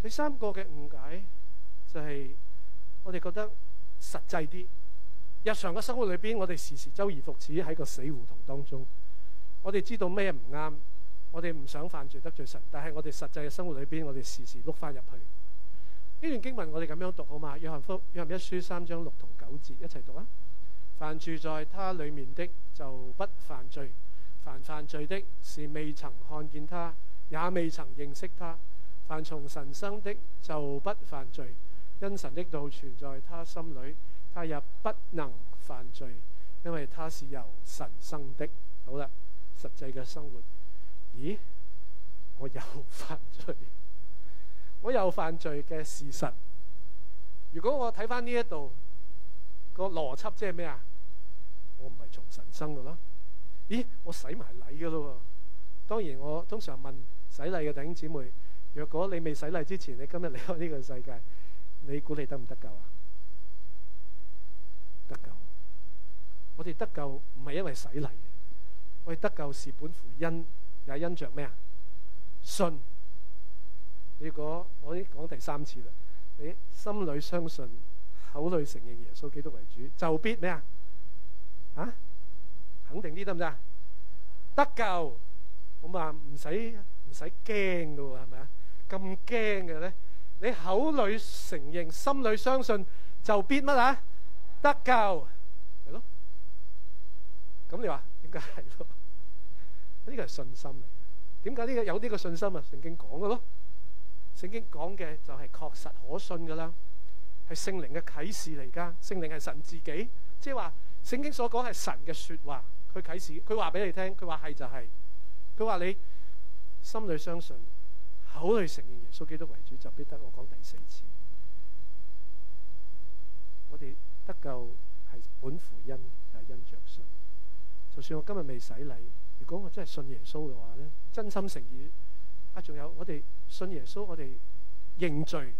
第三個嘅誤解就係我哋覺得實際啲，日常嘅生活裏邊，我哋時時周而復始喺個死胡同當中。我哋知道咩唔啱，我哋唔想犯罪得罪神，但係我哋實際嘅生活裏邊，我哋時時碌翻入去。呢段經文我哋咁樣讀好嘛？約翰福音約翰一書三章六同九節一齊讀啊！凡住在他裏面的就不犯罪，凡犯罪的是未曾看見他，也未曾認識他。凡從神生的就不犯罪，因神的道存在他心裏，他也不能犯罪，因為他是由神生的。好啦，實際嘅生活，咦？我又犯罪，我又犯罪嘅事實。如果我睇翻呢一度個邏輯，即係咩啊？我唔係從神生嘅咯。咦？我洗埋禮嘅咯。當然，我通常問洗禮嘅弟兄姊妹。若果你未洗禮之前，你今日離開呢個世界，你估你得唔得救啊？得救！我哋得救唔係因為洗禮，我哋得救是本乎因，也因著咩啊？信。如果我已經講第三次啦，你心裏相信，口裏承認耶穌基督為主，就必咩啊？啊？肯定啲得唔得？得救咁啊！唔使唔使驚噶，係咪啊？咁驚嘅咧？你口裏承認，心裏相信，就必乜啊？得救係咯。咁你話點解係咯？呢個係信心嚟。點解呢個有呢個信心啊？聖經講嘅咯。聖經講嘅就係確實可信㗎啦。係聖靈嘅啟示嚟噶。聖靈係神自己，即係話聖經所講係神嘅説話，佢啟示，佢話俾你聽，佢話係就係、是。佢話你心裏相信。好去承認耶穌基督為主，就必得，我講第四次。我哋得救係本乎恩，但係因着信。就算我今日未洗禮，如果我真係信耶穌嘅話咧，真心誠意啊！仲有我哋信耶穌，我哋認罪，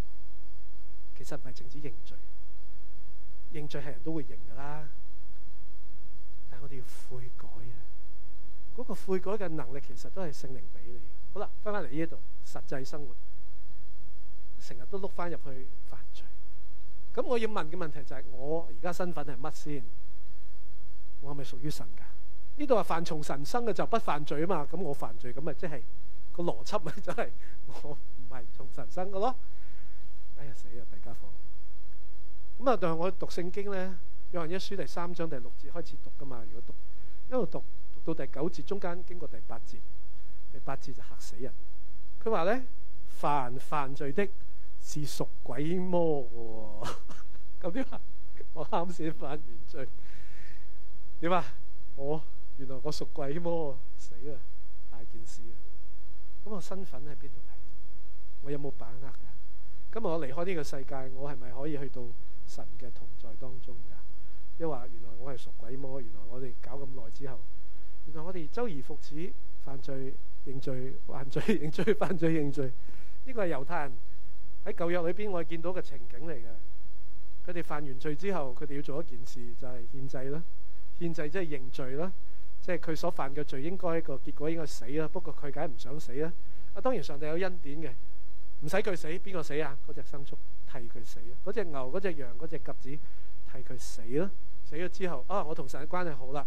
其實唔係淨止認罪。認罪係人都會認噶啦，但係我哋要悔改啊！嗰個悔改嘅能力，其實都係聖靈俾你。好啦，翻翻嚟呢度，實際生活，成日都碌翻入去犯罪。咁我要問嘅問題就係：我而家身份係乜先？我係咪屬於神噶？呢度係犯從神生嘅就不犯罪啊嘛。咁我犯罪，咁咪即係個邏輯咪就係我唔係從神生嘅咯？哎呀死啊！大家伙，咁啊，就係我讀聖經咧，《約翰一書》第三章第六節開始讀噶嘛。如果讀一路讀，讀到第九節，中間經過第八節。八字就嚇死人。佢話咧，犯犯罪的是屬鬼魔嘅。哦，咁點啊？我啱先犯完罪，點啊？我，我原來我屬鬼魔，死啦！大件事啊！咁我身份喺邊度嚟？我有冇把握噶？今日我離開呢個世界，我係咪可以去到神嘅同在當中噶？亦話原來我係屬鬼魔，原來我哋搞咁耐之後，原來我哋周而復始犯罪。認罪、犯罪、認罪、犯罪、認罪，呢個係猶太人喺舊約裏邊我見到嘅情景嚟嘅。佢哋犯完罪之後，佢哋要做一件事，就係獻祭啦。獻祭即係認罪啦，即係佢所犯嘅罪應該個結果應該死啦。不過佢梗係唔想死啦。啊，當然上帝有恩典嘅，唔使佢死，邊個死啊？嗰隻牲畜替佢死啦。嗰隻牛、嗰隻羊、嗰隻鴿子替佢死啦。死咗之後，啊，我同神嘅關係好啦。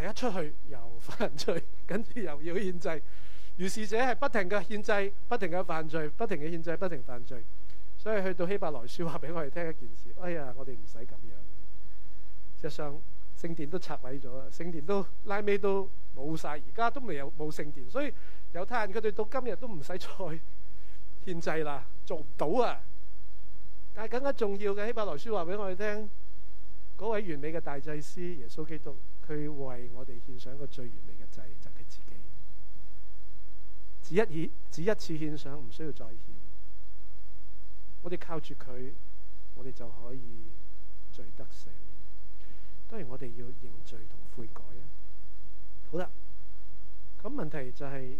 係一出去又犯罪，跟住又要獻祭。如是者係不停嘅獻祭，不停嘅犯罪，不停嘅獻祭，不停犯罪。所以去到希伯來書話俾我哋聽一件事：哎呀，我哋唔使咁樣。事實上聖殿都拆毀咗啦，聖殿都拉尾都冇曬，而家都未有冇聖殿，所以猶太人佢哋到今日都唔使再獻祭啦，做唔到啊。但係更加重要嘅希伯來書話俾我哋聽，嗰位完美嘅大祭司耶穌基督。去為我哋獻上一個最完美嘅祭，就係佢自己。只一獻，只一次獻上，唔需要再獻。我哋靠住佢，我哋就可以罪得赦免。當然，我哋要認罪同悔改啊！好啦，咁問題就係，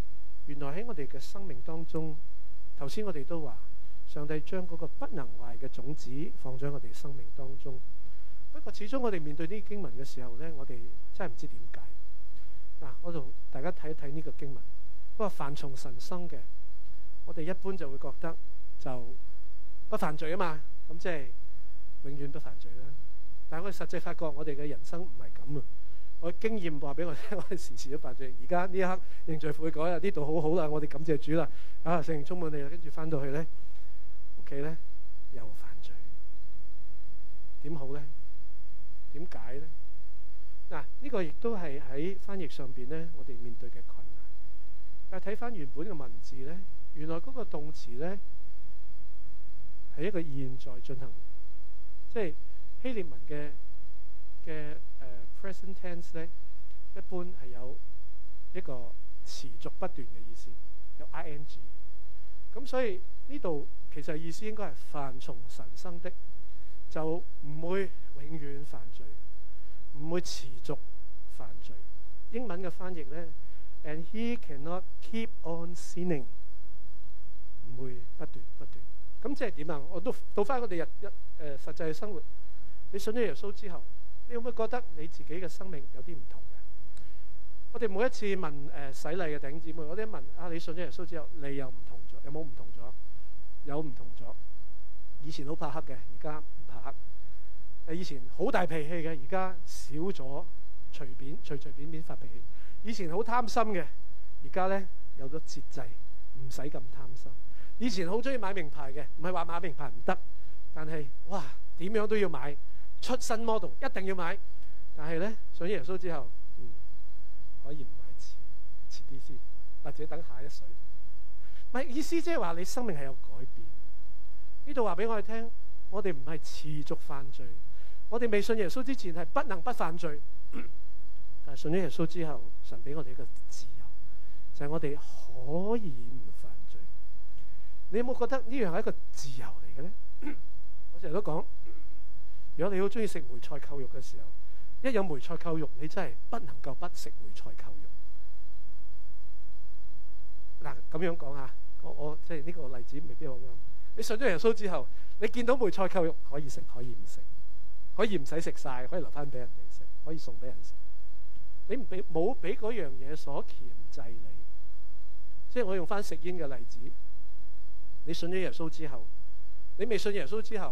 原來喺我哋嘅生命當中，頭先我哋都話，上帝將嗰個不能壞嘅種子放咗我哋生命當中。不過，始終我哋面對呢啲經文嘅時候咧，我哋真係唔知點解嗱。我同大家睇一睇呢個經文。不過，凡從神生嘅，我哋一般就會覺得就不犯罪啊嘛。咁即係永遠不犯罪啦。但係我哋實際發覺我，我哋嘅人生唔係咁啊。我經驗話俾我聽，我哋時時都犯罪。而家呢一刻認罪悔改啊，呢度好好啦，我哋感謝主啦啊，聖靈充滿你啦。跟住返到去咧屋企咧又犯罪，點好咧？點解咧？嗱，呢個亦都係喺翻譯上邊咧，我哋面對嘅困難。但睇翻原本嘅文字咧，原來嗰個動詞咧係一個現在進行的，即係希臘文嘅嘅誒 present tense 咧，一般係有一個持續不斷嘅意思，有 ing。咁所以呢度其實意思應該係凡從神生的。就唔會永遠犯罪，唔會持續犯罪。英文嘅翻譯咧，and he cannot keep on sinning，唔會不斷不斷。咁即係點啊？我都倒翻我哋日一誒實際嘅生活。你信咗耶穌之後，你會唔會覺得你自己嘅生命有啲唔同嘅？我哋每一次問、呃、洗禮嘅弟兄姊妹，我哋一問：啊，你信咗耶穌之後，你又唔同咗？有冇唔同咗？有唔同咗。以前好怕黑嘅，而家。吓！你以前好大脾氣嘅，而家少咗，隨便隨隨便便發脾氣。以前好貪心嘅，而家咧有咗節制，唔使咁貪心。以前好中意買名牌嘅，唔係話買名牌唔得，但係哇，點樣都要買出新 model，一定要買。但係咧，上咗耶穌之後，嗯，可以唔買，遲遲啲先，或者等下一歲。咪意思即係話你生命係有改變？呢度話俾我哋聽。我哋唔係持續犯罪，我哋未信耶穌之前係不能不犯罪，但係信咗耶穌之後，神俾我哋一個自由，就係我哋可以唔犯罪。你有冇覺得呢樣係一個自由嚟嘅咧？我成日都講，如果你好中意食梅菜扣肉嘅時候，一有梅菜扣肉，你真係不能夠不食梅菜扣肉。嗱，咁樣講吓，我我即係呢個例子未必好啱。你信咗耶穌之後，你見到梅菜扣肉可以食，可以唔食，可以唔使食晒，可以留翻俾人哋食，可以送俾人食。你唔俾冇俾嗰樣嘢所鉗制你，即係我用翻食煙嘅例子。你信咗耶穌之後，你未信耶穌之後，誒、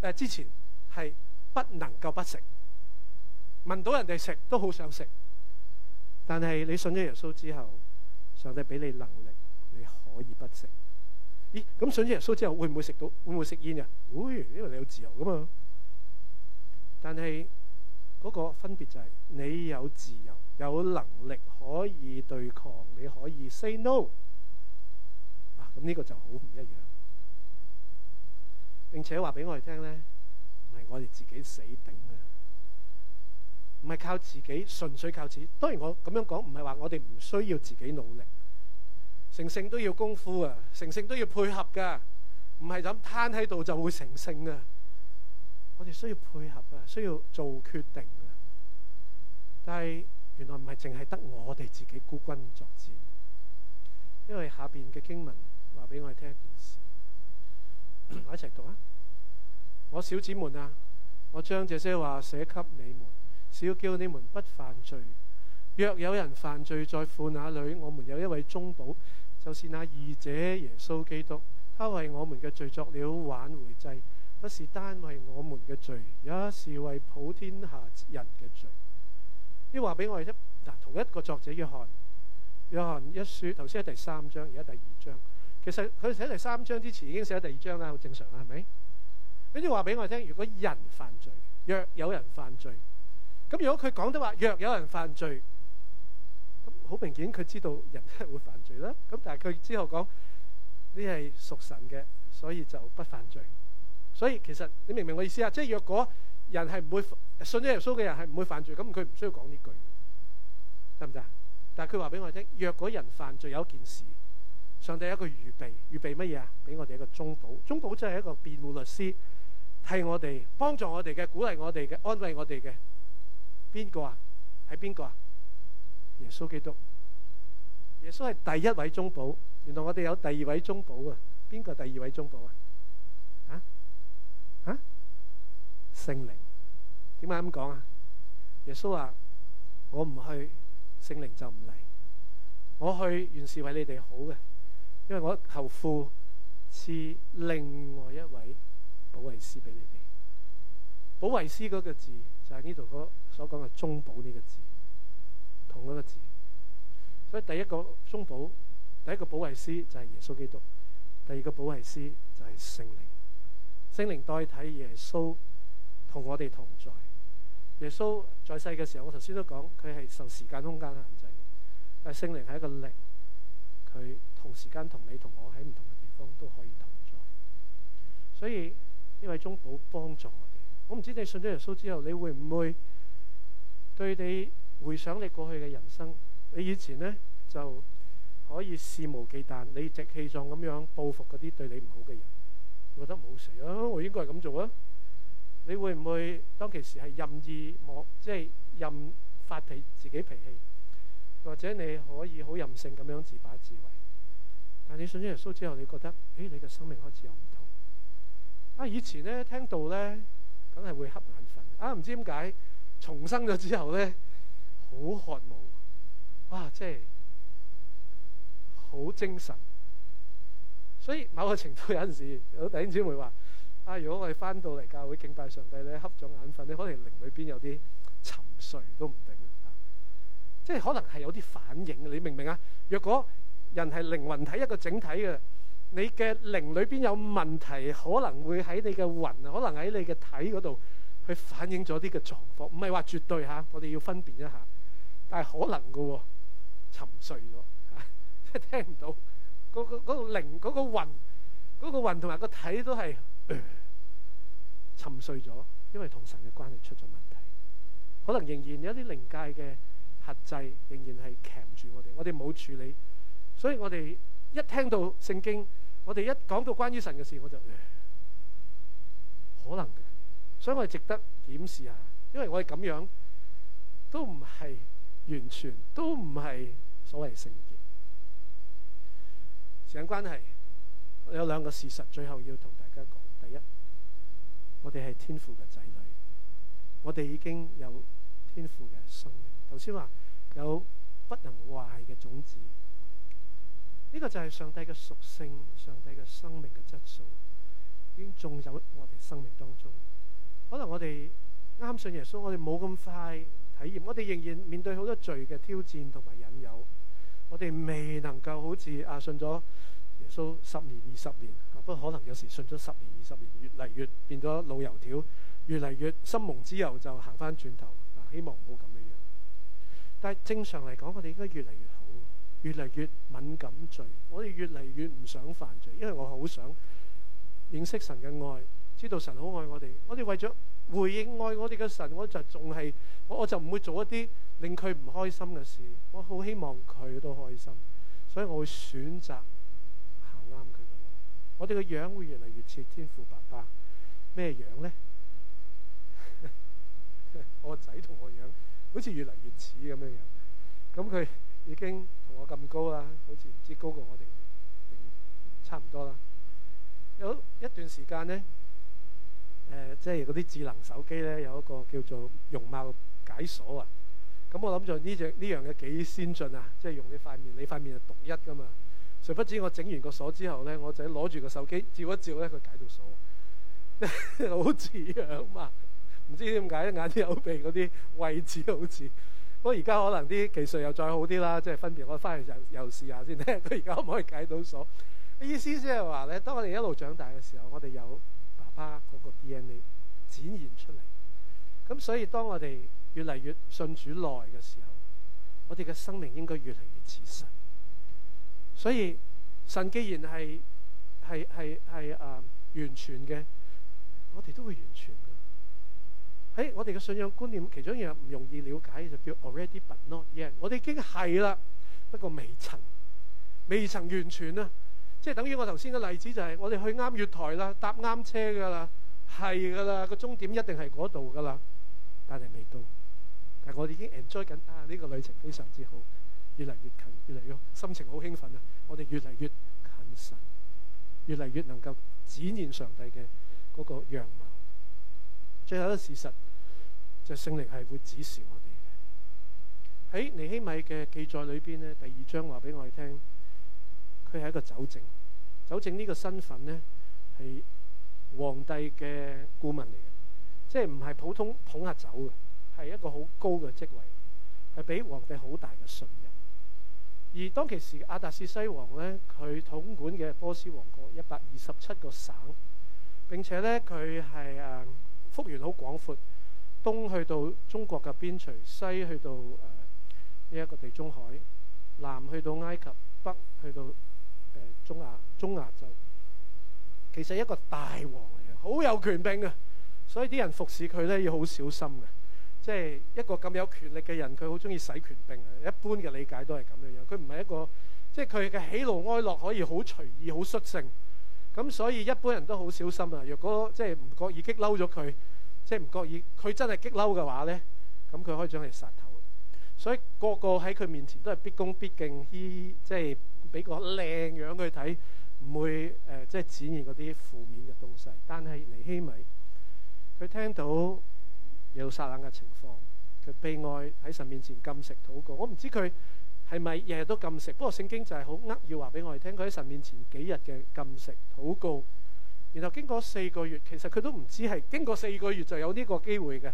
呃、之前係不能夠不食，聞到人哋食都好想食，但係你信咗耶穌之後，上帝俾你能力，你可以不食。咦？咁上之人蘇之後，會唔會食到？會唔會食煙嘅？會、哎，因為你有自由噶嘛。但係嗰個分別就係你有自由，有能力可以對抗，你可以 say no。啊，咁呢個就好唔一樣。並且話俾我哋聽咧，唔係我哋自己死頂嘅、啊，唔係靠自己，純粹靠自己。當然我咁樣講唔係話我哋唔需要自己努力。成聖都要功夫啊，成聖都要配合噶，唔係咁癱喺度就會成聖啊。我哋需要配合啊，需要做決定啊。但係原來唔係淨係得我哋自己孤軍作戰，因為下邊嘅經文話俾我哋聽一件事，同我一齊讀啊。我小子們啊，我將這些話寫給你們，是要叫你們不犯罪。若有人犯罪，在父那裏，我們有一位中保。就算那義者耶穌基督，他為我們嘅罪作了挽回祭，不是單為我們嘅罪，也是為普天下人嘅罪。要話俾我哋聽，嗱，同一個作者約翰，約翰一書，頭先喺第三章，而家第二章，其實佢寫第三章之前已經寫咗第二章啦，好正常啦，係咪？跟住話俾我哋聽，如果人犯罪，若有人犯罪，咁如果佢講得話，若有人犯罪。好明顯，佢知道人係會犯罪啦。咁但係佢之後講：你係屬神嘅，所以就不犯罪。所以其實你明唔明我意思啊？即係若果人係唔會信咗耶穌嘅人係唔會犯罪，咁佢唔需要講呢句，得唔得？但係佢話俾我聽：若果人犯罪，有一件事，上帝有一個預備，預備乜嘢啊？俾我哋一個中保，中保真係一個辯護律師，替我哋幫助我哋嘅、鼓勵我哋嘅、安慰我哋嘅。邊個啊？係邊個啊？耶穌基督，耶穌係第一位中保。原來我哋有第二位中保啊？邊個第二位中保啊？啊？啊，聖靈，點解咁講啊？耶穌話：我唔去，聖靈就唔嚟。我去，原是為你哋好嘅，因為我求父賜另外一位保惠師俾你哋。保惠師嗰個字就係呢度所講嘅中保呢個字。第一個中保，第一個保惠師就係耶穌基督，第二個保惠師就係聖靈。聖靈代替耶穌同我哋同在。耶穌在世嘅時候，我頭先都講佢係受時間空間限制嘅，但係聖靈係一個靈，佢同時間同你同我喺唔同嘅地方都可以同在。所以呢位中保幫助我哋。我唔知你信咗耶穌之後，你會唔會對你回想你過去嘅人生？你以前咧就可以肆無忌憚，理直氣壯咁樣報復嗰啲對你唔好嘅人，覺得冇事啊，我應該係咁做啊。你會唔會當其時係任意妄，即係任發脾自己脾氣，或者你可以好任性咁樣自把自為？但你信咗耶穌之後，你覺得誒、哎，你嘅生命開始有唔同啊！以前咧聽到咧，梗係會瞌眼瞓啊，唔知點解重生咗之後咧，好渴望。哇！即係好精神，所以某個程度有陣時，有弟兄姊妹話：啊，如果我哋翻到嚟教會敬拜上帝咧，瞌咗眼瞓，你可能靈裏邊有啲沉睡都唔定啊！即係可能係有啲反應，你明唔明啊？若果人係靈魂體一個整體嘅，你嘅靈裏邊有問題，可能會喺你嘅魂，可能喺你嘅體嗰度去反映咗啲嘅狀況，唔係話絕對嚇、啊。我哋要分辨一下，但係可能㗎喎、啊。沉睡咗，即係聽唔到。嗰個嗰個靈，嗰個魂，嗰個魂同埋個體都係、呃、沉睡咗，因為同神嘅關係出咗問題。可能仍然有一啲靈界嘅核製，仍然係鉗住我哋。我哋冇處理，所以我哋一聽到聖經，我哋一講到關於神嘅事，我就……呃、可能嘅，所以我哋值得檢視下，因為我哋咁樣都唔係。完全都唔係所謂聖潔。時間關係，我有兩個事實，最後要同大家講。第一，我哋係天父嘅仔女，我哋已經有天父嘅生命。頭先話有不能壞嘅種子，呢個就係上帝嘅屬性，上帝嘅生命嘅質素已經種入我哋生命當中。可能我哋啱上耶穌，我哋冇咁快。體驗，我哋仍然面對好多罪嘅挑戰同埋引誘，我哋未能夠好似阿信咗耶穌十年二十年，不過可能有時信咗十年二十年，越嚟越變咗老油條，越嚟越心蒙脂油就行返轉頭。希望唔好咁樣。但係正常嚟講，我哋應該越嚟越好，越嚟越敏感罪，我哋越嚟越唔想犯罪，因為我好想認識神嘅愛，知道神好愛我哋，我哋為咗。回應愛我哋嘅神，我就仲係我，我就唔會做一啲令佢唔開心嘅事。我好希望佢都開心，所以我會選擇行啱佢嘅路。我哋嘅樣會越嚟越似天父爸爸咩樣咧？ [LAUGHS] 我個仔同我樣好似越嚟越似咁嘅樣。咁佢已經同我咁高啦，好似唔知高過我哋差唔多啦。有一段時間咧。誒、呃，即係嗰啲智能手機咧，有一個叫做容貌解鎖啊！咁、嗯、我諗住呢隻呢樣嘢幾先進啊，即係用你塊面，你塊面係獨一噶嘛。誰不知我整完個鎖之後咧，我仔攞住個手機照一照咧、啊，佢解到鎖，好似樣啊嘛，唔知點解眼、眼有鼻嗰啲位置好似。不過而家可能啲技術又再好啲啦，即係分別我翻去又又試下先咧，佢而家可唔可以解到鎖？意思即係話咧，當我哋一路長大嘅時候，我哋有。把嗰個 DNA 展現出嚟，咁所以當我哋越嚟越信主耐嘅時候，我哋嘅生命應該越嚟越自信。所以神既然係、呃、完全嘅，我哋都會完全嘅。喺、欸、我哋嘅信仰觀念，其中一樣唔容易了解就叫 already but not yet。我哋已經係啦，不過未曾，未曾完全啊。即係等於我頭先嘅例子，就係我哋去啱月台啦，搭啱車㗎啦，係㗎啦，個終點一定係嗰度㗎啦，但係未到。但係我哋已經 enjoy 緊啊！呢個旅程非常之好，越嚟越近，越嚟越心情好興奮啊！我哋越嚟越近神，越嚟越能夠指現上帝嘅嗰個樣貌。最後嘅事實就聖靈係會指示我哋嘅。喺尼希米嘅記載裏邊呢，第二章話俾我哋聽，佢係一個酒政。糾正呢個身份呢，係皇帝嘅顧問嚟嘅，即係唔係普通捧下走嘅，係一個好高嘅職位，係俾皇帝好大嘅信任。而當其時，亞達薛西王呢，佢統管嘅波斯王國一百二十七個省，並且呢，佢係誒幅員好廣闊，東去到中國嘅邊陲，西去到呢一、呃這個地中海，南去到埃及，北去到，中亞，中亞洲其實一個大王嚟嘅，好有權柄啊！所以啲人服侍佢咧，要好小心嘅，即係一個咁有權力嘅人，佢好中意使權柄啊！一般嘅理解都係咁樣樣，佢唔係一個即係佢嘅喜怒哀樂可以好隨意、好率性。咁所以一般人都好小心啊！若果即係唔覺意激嬲咗佢，即係唔覺意，佢真係激嬲嘅話咧，咁佢可以將你殺頭。所以個個喺佢面前都係必恭必敬，依即係。俾個靚樣佢睇，唔會誒、呃、即係展現嗰啲負面嘅東西。但係尼希米，佢聽到耶路撒冷嘅情況，佢悲哀喺神面前禁食禱告。我唔知佢係咪日日都禁食，不過聖經就係好扼要話俾我哋聽。佢喺神面前幾日嘅禁食禱告，然後經過四個月，其實佢都唔知係經過四個月就有呢個機會嘅。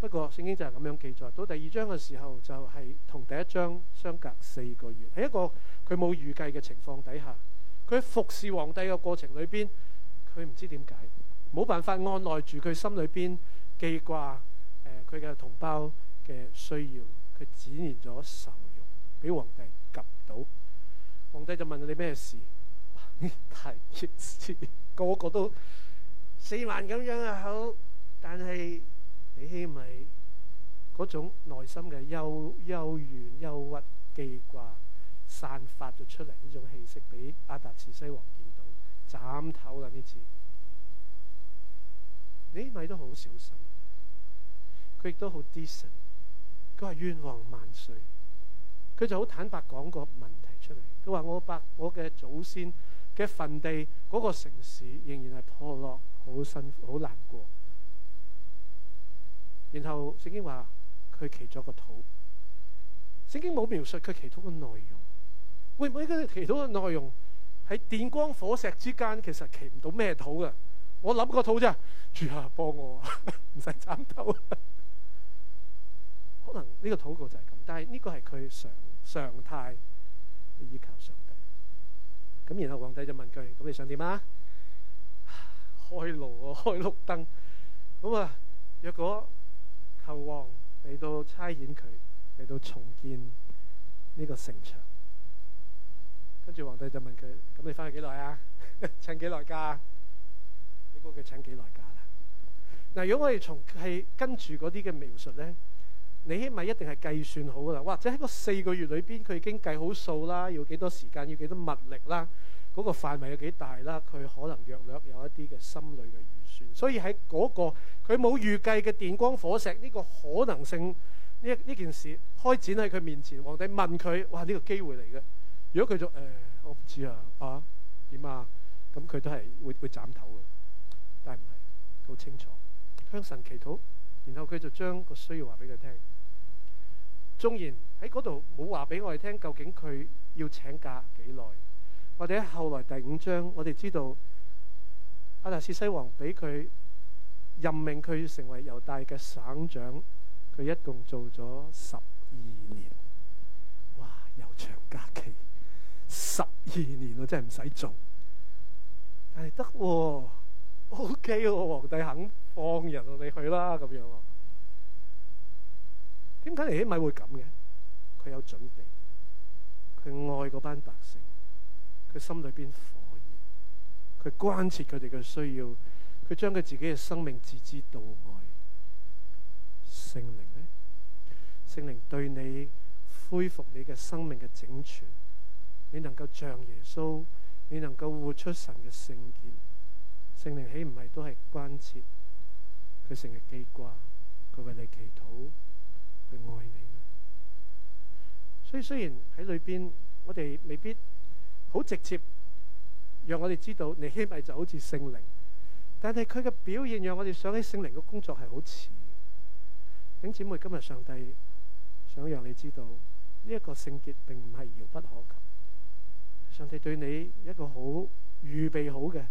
不過聖經就係咁樣記載。到第二章嘅時候就係同第一章相隔四個月，係一個。佢冇預計嘅情況底下，佢喺服侍皇帝嘅過程裏邊，佢唔知點解冇辦法按捺住佢心裏邊記掛誒佢嘅同胞嘅需要，佢展現咗愁容俾皇帝，及到皇帝就問你咩事？提 [LAUGHS] 越事，個個都四萬咁樣呀好，但係你希唔希嗰種內心嘅憂憂怨憂鬱記掛。散發咗出嚟呢種氣息，俾阿達次西王見到，斬頭啦！呢次，你咪都好小心，佢亦都好 decent。佢話，冤枉萬歲，佢就好坦白講個問題出嚟。佢話，我伯我嘅祖先嘅墳地嗰個城市仍然係破落，好辛苦，好難過。然後聖經話佢祈咗個土，聖經冇描述佢祈禱嘅內容。會唔會嗰啲祈禱嘅內容喺電光火石之間其實祈唔到咩禱㗎？我諗個禱啫，主啊，哎，幫我，唔使斬頭。可能呢個禱告就係咁，但係呢個係佢常常態，係依靠上帝。咁然後皇帝就問佢：咁你想點啊？開路啊，開綠燈。咁啊，若果求王嚟到差遣佢嚟到重建呢個城牆。跟住皇帝就問佢：咁你翻去幾耐啊？請 [LAUGHS] 幾耐假、啊？你估佢請幾耐假啦？嗱，如果我哋從係跟住嗰啲嘅描述咧，你起碼一定係計算好噶啦？或者喺個四個月裏邊，佢已經計好數啦，要幾多時間，要幾多物力啦，嗰、那個範圍有幾大啦？佢可能略略有一啲嘅心理嘅預算，所以喺嗰、那個佢冇預計嘅電光火石呢、這個可能性呢？呢件事開展喺佢面前，皇帝問佢：，哇！呢、這個機會嚟嘅。如果佢就誒、欸，我唔知啊啊點啊，咁佢都係會會斬頭嘅，但係唔係好清楚向神祈禱，然後佢就將個需要話俾佢聽，縱然喺嗰度冇話俾我哋聽究竟佢要請假幾耐，或者後來第五章我哋知道亞達薛西王俾佢任命佢成為猶大嘅省長，佢一共做咗十二年，哇又長假期。十二年我真係唔使做，但係得喎，O K 喎，皇帝肯放人你去啦，咁樣點解你起咪會咁嘅？佢有準備，佢愛嗰班百姓，佢心裏邊火熱，佢關切佢哋嘅需要，佢將佢自己嘅生命置之度外。聖靈咧，聖靈對你恢復你嘅生命嘅整全。你能夠像耶穌，你能夠活出神嘅聖潔，聖靈豈唔係都係關切佢成日記掛，佢為你祈禱去愛你。所以雖然喺裏邊我哋未必好直接讓我哋知道，你希唔係就好似聖靈，但係佢嘅表現讓我哋想起聖靈嘅工作係好似。弟兄姐妹，今日上帝想讓你知道呢一個聖潔並唔係遙不可及。上帝對你一個好預備好嘅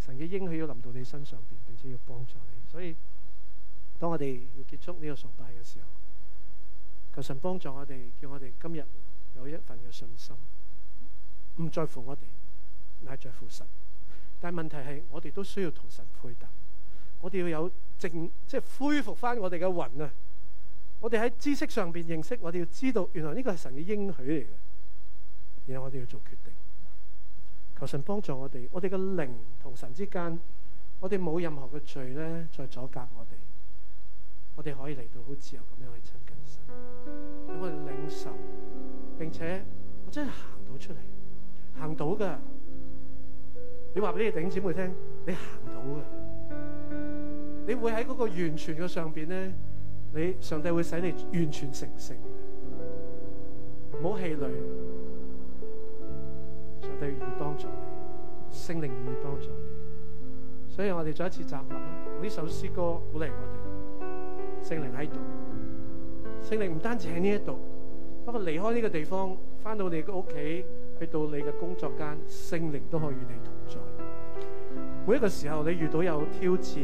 神嘅應許要臨到你身上邊，並且要幫助你。所以當我哋要結束呢個崇拜嘅時候，求神幫助我哋，叫我哋今日有一份嘅信心，唔在乎我哋，乃在乎神。但係問題係，我哋都需要同神配搭，我哋要有正即係、就是、恢復翻我哋嘅魂啊！我哋喺知識上面認識，我哋要知道原來呢個係神嘅應許嚟嘅，然後我哋要做決定。神幫助我哋，我哋嘅靈同神之間，我哋冇任何嘅罪咧，再阻隔我哋，我哋可以嚟到好自由咁樣去親近神，咁我哋領受，並且我真係行到出嚟，行到嘅，你話俾你頂姊妹聽，你行到嘅，你會喺嗰個完全嘅上邊咧，你上帝會使你完全成聖，唔好氣餒。上帝願意幫助你，聖靈願意幫助你。所以我哋再一次集合，啦，用呢首詩歌鼓勵我哋。聖靈喺度，聖靈唔單止喺呢一度，不過離開呢個地方，翻到你嘅屋企，去到你嘅工作間，聖靈都可以與你同在。每一個時候，你遇到有挑戰、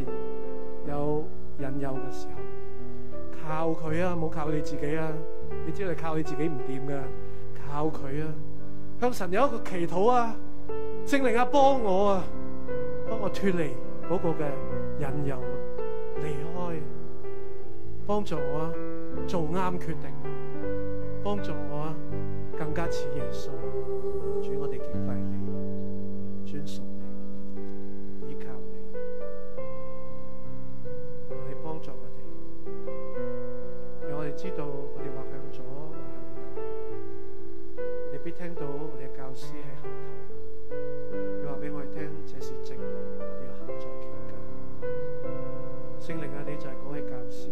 有引誘嘅時候，靠佢啊，冇靠你自己啊！你只係靠你自己唔掂噶，靠佢啊！向神有一個祈禱啊！聖靈啊，幫我啊，幫我脫離嗰個嘅引誘，離開，幫助我啊，做啱決定，幫助我啊，更加似耶穌。主，我哋敬拜你，尊崇你，依靠你，去幫助我哋，讓我哋知道我哋話。你聽到我哋嘅教師喺後頭，要話俾我哋聽，這是正路，要行在其間。聖靈啊，你就係嗰位教師，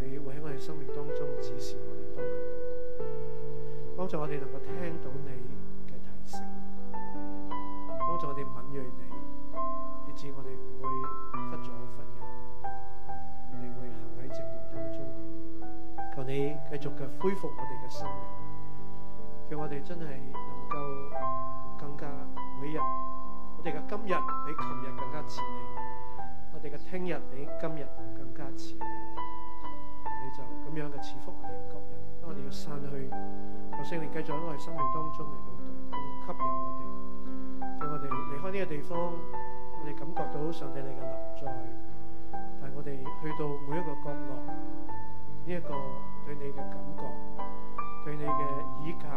你會喺我哋生命當中指示我哋方向，幫助我哋能夠聽到你嘅提醒，幫助我哋敏銳你，以致我哋唔會忽左忽右，我哋會行喺正路當中，求你繼續嘅恢復我哋嘅生命。讓我哋真係能夠更加每日，我哋嘅今日比琴日更加前，我哋嘅聽日比今日更加前，你就咁樣嘅賜福我哋各人，我哋要散去，求聖靈繼續喺我哋生命當中嚟引導、吸引我哋，讓我哋離開呢個地方，我哋感覺到上帝你嘅臨在，但係我哋去到每一個角落，呢一個對你嘅感覺。對你嘅依靠，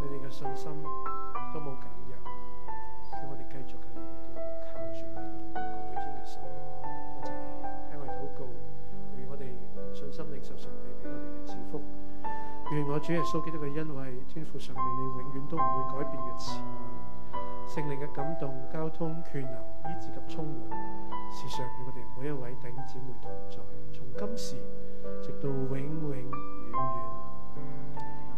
對你嘅信心都冇減弱，叫我哋繼續緊靠住你。我每天嘅生活，多謝你，聽佢禱告，願我哋信心領受上帝俾我哋嘅祝福。願我主耶穌基督嘅恩惠、天父上帝你永遠都唔會改變嘅慈愛、聖靈嘅感動、交通、權能、醫治及充滿，時常與我哋每一位頂姊妹同在，從今時直到永永遠遠。